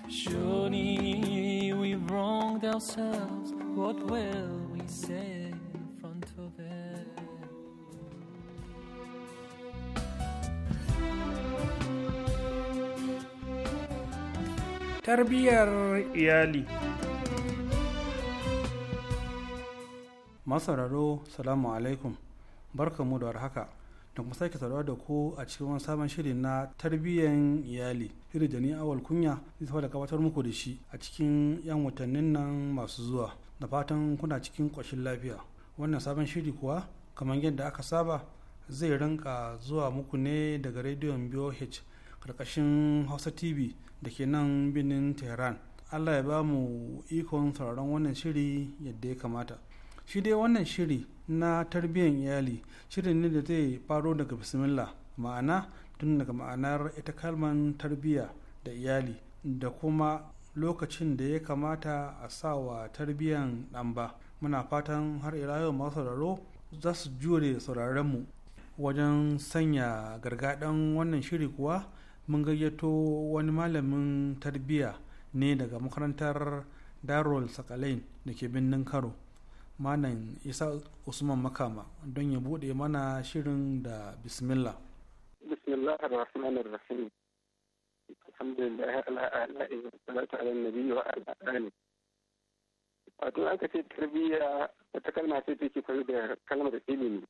Surely we've wronged ourselves, what will we say? tarbiyyar iyali masararo salamu alaikum barkamu da warhaka da kuma sake saduwa da ku a cikin wani sabon shiri na tarbiyyar iyali shiri da ni awal kunya zai da gabatar muku da shi a cikin yan watannin nan masu zuwa da fatan kuna cikin ƙoshin lafiya wannan sabon shiri kuwa kamar yadda aka saba zai rinka zuwa muku ne daga rediyon BOH karkashin hausa tv da ke nan birnin tehran allah ya ba mu ikon sauraron wannan shiri yadda ya kamata shi dai wannan shiri na tarbiyyar iyali shirin ne da zai faro daga bismillah ma'ana tun daga ma'anar ita kalman tarbiyya da iyali da kuma lokacin da ya kamata a sa wa tarbiyyan ɗan ba muna fatan har ila yau masu sauraro za su jure sauraronmu wajen sanya gargaɗin wannan shiri kuwa mun gayyato wani malamin tarbiyya ne daga makarantar darul sakalain da ke birnin karo manan isa usman makama don ya bude mana shirin da bismillah bismillah ar-rahman ar-rahim alhamdulillah ala ala'i salatu ala nabi wa ala alihi wato aka ce tarbiyya wata kalma ce take koyo da kalmar ilimi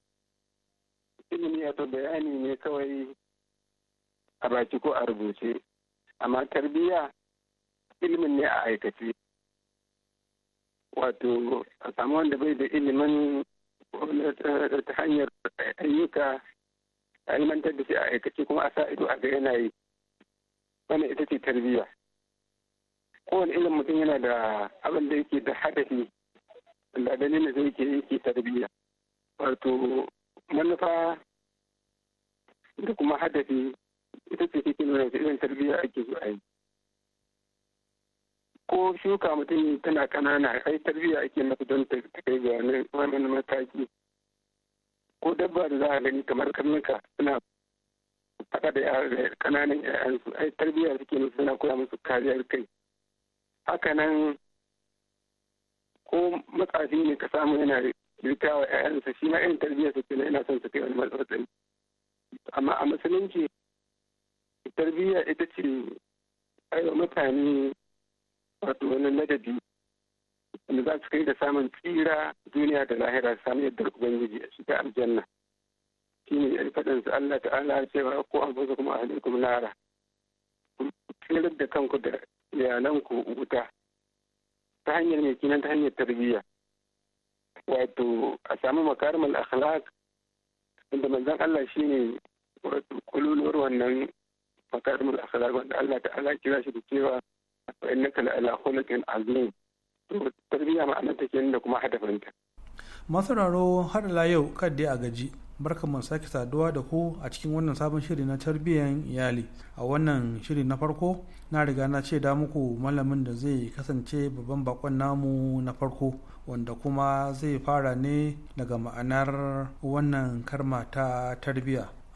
ilimi to bayani ne kawai a baki ko a rubuce amma tarbiyya ilimin ne a aikace wato a samu wanda bai da ilimin eh, ta hanyar ayyuka a ilimantar da shi a aikace kuma a sa ido a ga yanayi. yi wannan ita ce tarbiyya kowane ilimin mutum yana da abin da yake da hadafi da dalilin da ke yake tarbiyya wato manufa da kuma hadafi ita ce take nuna wata irin tarbiyya ake so a yi ko shuka mutum tana kanana ai tarbiyya ake masa don ta kai ga wani mataki ko dabba da za a gani kamar karnuka suna faɗa da ƙananan 'ya'yansu ai tarbiyya suke nuna suna koya musu kariyar kai haka nan ko matsafi ne ka samu yana rikawa wa 'ya'yansa shi ma irin tarbiyya suke na yana son su kai wani matsatsari amma a musulunci tarbiyya ita ce aiwa mutane wato wani ladabi wanda za su kai da samun tsira duniya da lahira su samu yadda ubangiji a shiga aljanna shi ne yan faɗin su Allah ta'ala cewa ko an fasa kuma a halittu nara tsirar da kanku da iyalanku wuta ta hanyar mai kinan ta hanyar tarbiyya wato a samu makarimar akhlaq inda manzan Allah shi ne wato kululuwar wannan makarimul akhlaq wanda Allah ta'ala kira shi da cewa fa innaka la ala khuluqin azim to tarbiyya ma'anar take da kuma hadafinta masararo har la yau kan dai a gaji barkan mu sake saduwa da ku a cikin wannan sabon shiri na tarbiyyar iyali a wannan shiri na farko na riga na ce da muku malamin da zai kasance babban bakon namu na farko wanda kuma zai fara ne daga ma'anar wannan karma ta tarbiyya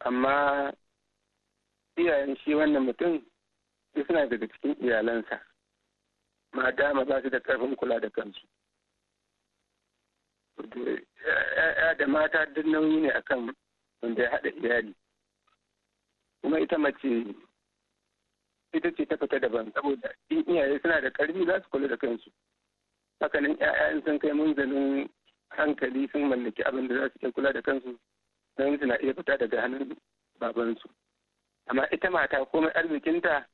amma iyayen shi wannan mutum suna daga cikin iyalansa dama ba su da karfin kula da kansu ya da mata duk nauyi ne akan wanda ya haɗa iyali kuma ita mace ita ce ta fita daban saboda in iyaye suna da ƙarfi za su kula da kansu hakanan 'ya'yan sun kai munzalin hankali sun mallaki abin da za su kula da kansu namiji na iya fita daga hannun babansu amma ita mata komai arzikinta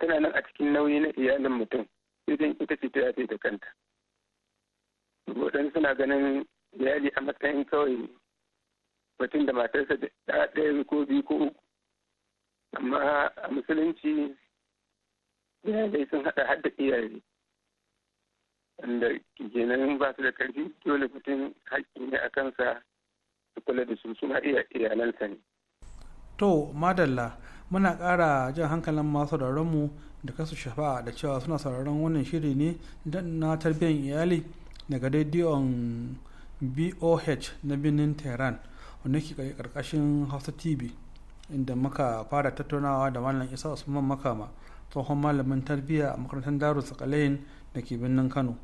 tana nan a cikin nauyi na iyalin mutum idan ita ce ta da kanta abodan suna ganin iyali a matsayin kawai mutum da matarsa da ɗaya ko biyu ko uku amma a musulunci iyalai sun haɗa hadda iyali. wanda kenan ba su da ƙarfi dole mutum haƙƙi ne a kansa su kula da su suna iya iyalansa ne. To, madalla, muna ƙara jan hankalin masu mu da kasu shafa'a da cewa suna sauraron wannan shiri ne na tarbiyyar iyali daga rediyon boh na birnin tehran wanda ke karkashin hausa tv inda muka fara tattaunawa da malam isa usman makama tsohon malamin tarbiyya a makarantar daru da ke birnin kano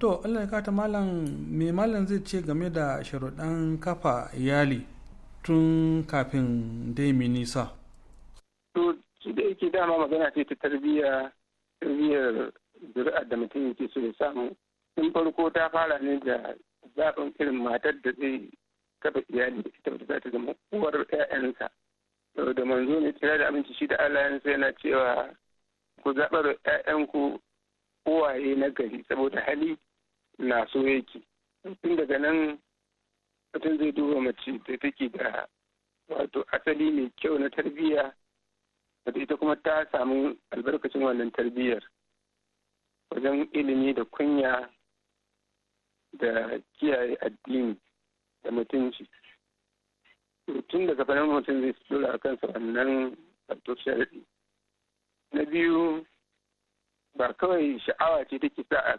to allah ya kata malam me malam zai ce game da sharuɗan kafa iyali tun kafin dai mi nisa to shi da yake dama magana ce ta tarbiyya tarbiyyar zuri'ar da mutum yake so ya samu tun farko ta fara ne da zaɓin irin matar da zai kafa iyali da ita za ta zama uwar 'ya'yansa da manzo ne tsira da aminci shi da Allah yansa yana cewa ku zaɓar 'ya'yanku uwaye na gari saboda hali na so yake tun daga nan mutum zai duba mace da take da wato asali mai kyau na tarbiyya wato ita kuma ta samu albarkacin wannan tarbiyyar wajen ilimi da kunya da kiyaye addini da mutunci tun daga fanar mutum zai dora a kansa wannan wato sharaɗi na biyu ba kawai sha'awa ce take sa a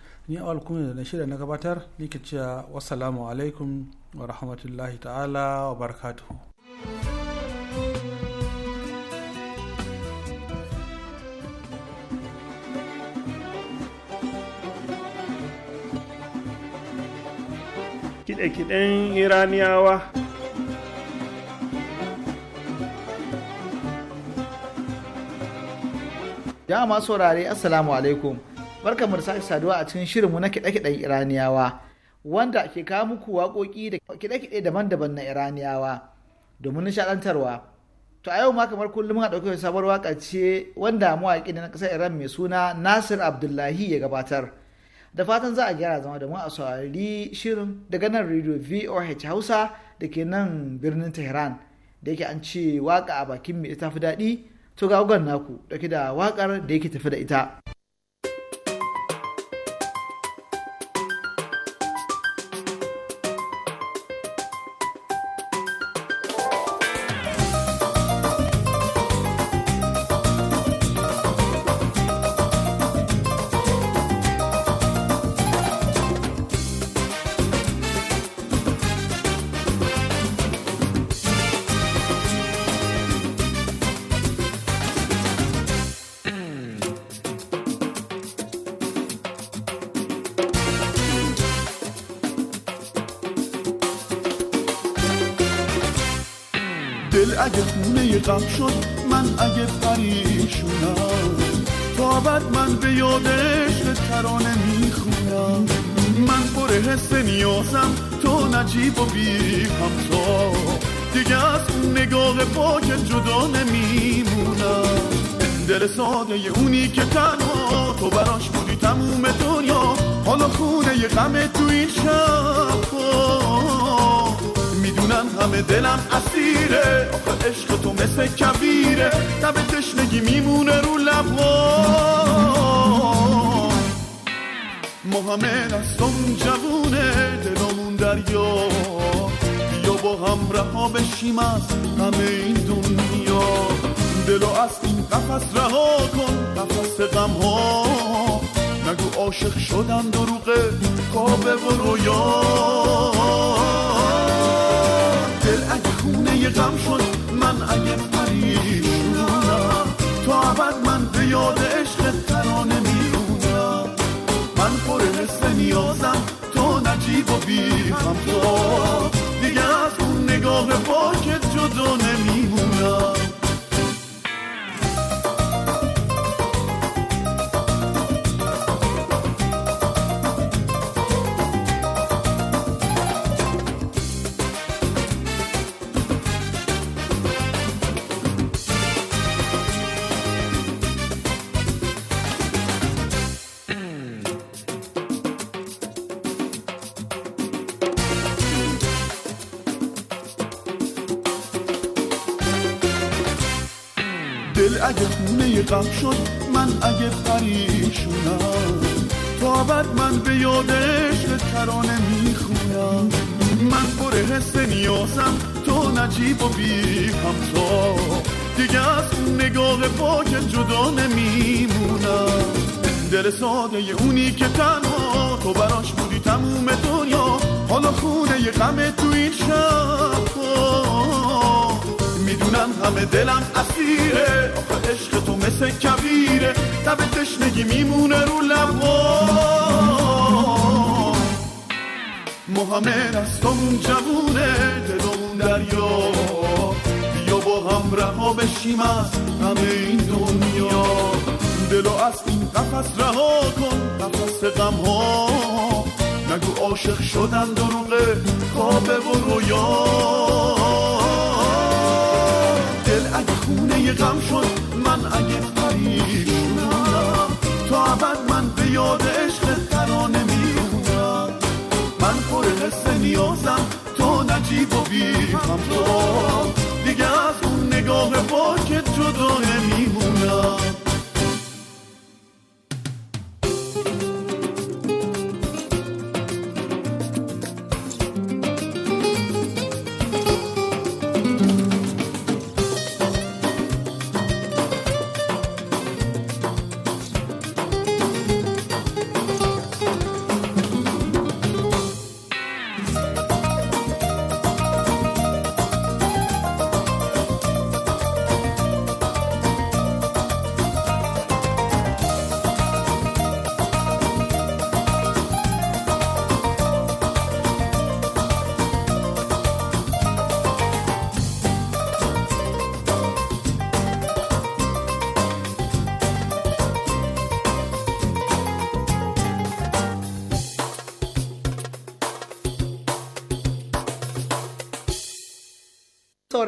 ni awal kuma da na shirya na gabatar nike cewa wassalamu alaikum wa rahmatullahi ta'ala wa barakatuhu kiɗe-kiɗen iraniyawa jama'a saurare assalamu alaikum barka mu da sake saduwa a cikin shirinmu na kiɗe-kiɗen iraniyawa wanda ke kawo muku waƙoƙi da kiɗe-kiɗe daban-daban na iraniyawa domin nishaɗantarwa to a yau ma kamar kullum a ɗauke sabuwar waƙa ce wanda mawaƙi na ƙasar iran mai suna nasir abdullahi ya gabatar da fatan za a gyara zama domin a saurari shirin daga nan radio voh hausa da ke nan birnin tehran da yake an ce waƙa a bakin mai ita fi daɗi to ga naku ɗauke da waƙar da yake tafi da ita کبیره تب تشنگی میمونه رو لبها ما همه دستامون جوونه دلامون دریا یا با هم رها بشیم از همه این دنیا دلو از این قفص رها کن قفص غم ها نگو عاشق شدن دروغه خوابه و رویا دل اگه خونه غم شد من اگه پریشونم تو عبد من به یاد عشق ترانه میرونم من پر حس نیازم تو نجیب و بی دیگر تو دیگه از اون نگاه پاکت جدا نمی اگه خونه غم شد من اگه پریشونم تا بعد من به یادش به ترانه میخونم من پر حس نیازم تو نجیب و بی همتا دیگه از اون نگاه پاک جدا نمیمونم دل ساده اونی که تنها تو براش بودی تموم دنیا حالا خونه غم تو این شهر میدونم همه دلم اسیره آخه عشق تو مثل کبیره تب تشنگی میمونه رو لبا ما همه دستامون جوونه دلمون دریا بیا با هم رها بشیم از همه این دنیا دلو از این قفص رها کن قفص غم ها نگو عاشق شدن دروغه خوابه و رویان اگه خونه غم شد من اگه پریشونم تا ابد من به یاد عشق ترانه میمونم من پر حس نیازم تو نجیب و بیخم دیگه از اون نگاه پاکت جدا نمیمونم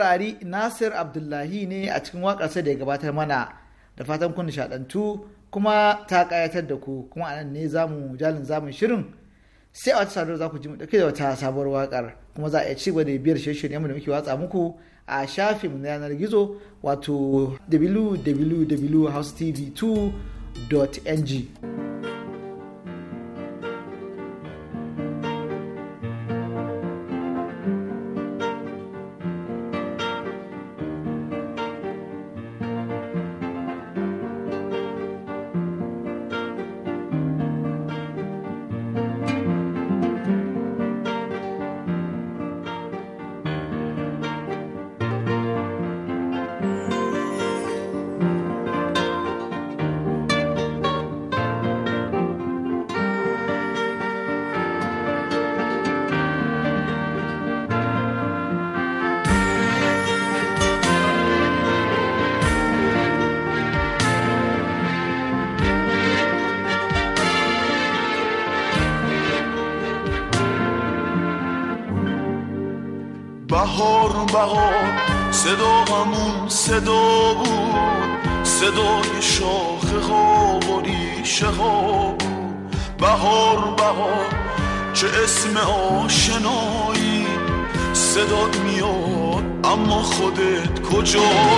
saurari nasir abdullahi ne a cikin waƙarsa da ya gabatar mana da fatan kun nishaɗantu kuma ta ƙayatar da ku kuma anan ne zamu jalin zamun shirin sai a wata sadarwa za ku ji mu ɗauke da wata sabuwar wakar kuma za a iya cigaba da biyar shirin mu da muke watsa muku a shafin na yanar gizo wato www.housetv2.ng joy.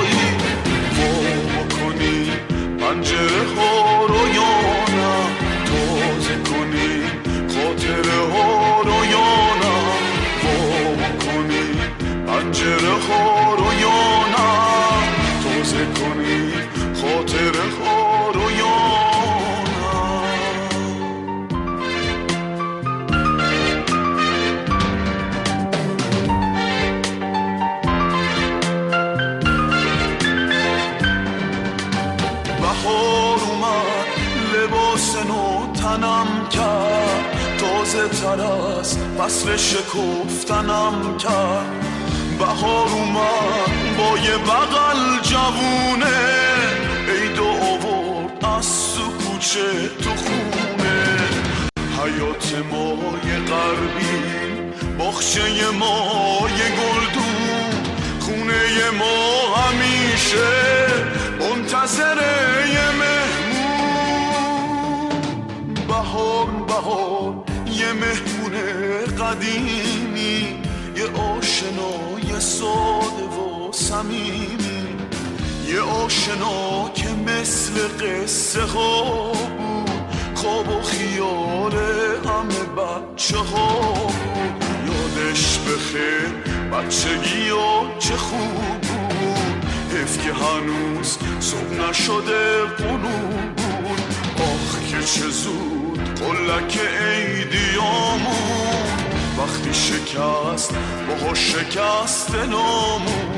فلک عیدیامون وقتی شکست باها شکست نامون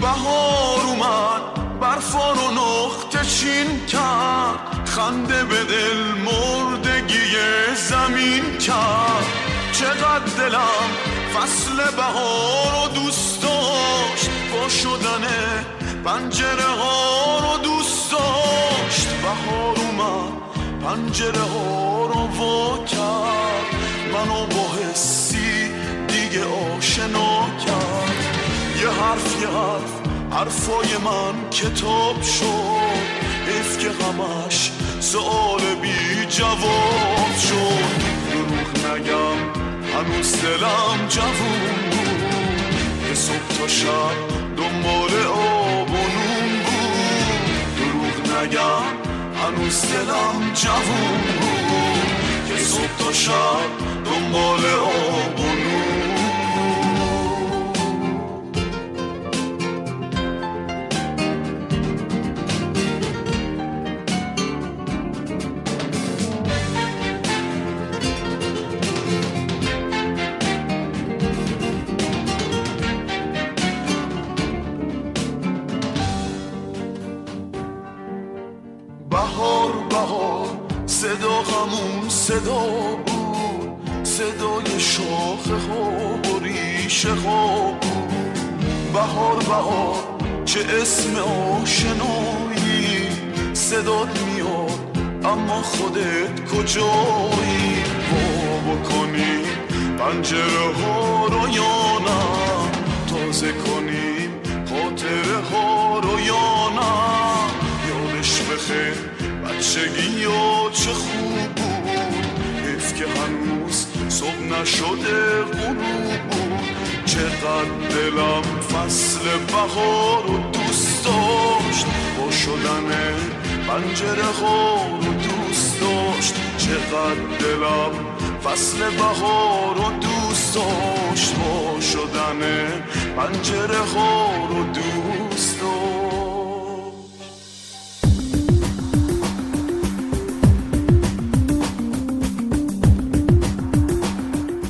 بهار اومد برفان و نقطه چین کرد خنده به دل مردگی زمین کرد چقدر دلم فصل بهار رو دوست داشت با شدن پنجره ها رو دوست داشت بهار اومد پنجره ها رو وا کرد منو با حسی دیگه آشنا کرد یه حرف یه حرف حرفای من کتاب شد حیف که همش سؤال بی جواب شد دروغ نگم هنوز دلم جوون بود که صبح تا شب دنبال آب و نون بود دروغ نگم هنوز دلم جوون بود که صبح و شب دنبال او بود صدا همون صدا بود صدای شاخه ها و ریشه ها بود بهار بهار چه اسم آشنایی صدات میاد اما خودت کجایی با بکنی پنجره ها رو یا نه تازه کنیم خاطره ها رو یا نه یادش بخیر بچگی و چه خوب بود حیف که هنوز صبح نشده غروب بود چقدر دلم فصل بهار رو دوست داشت با شدن پنجره ها رو دوست داشت چقدر دلم فصل بهار رو دوست داشت با شدن پنجره ها رو دوست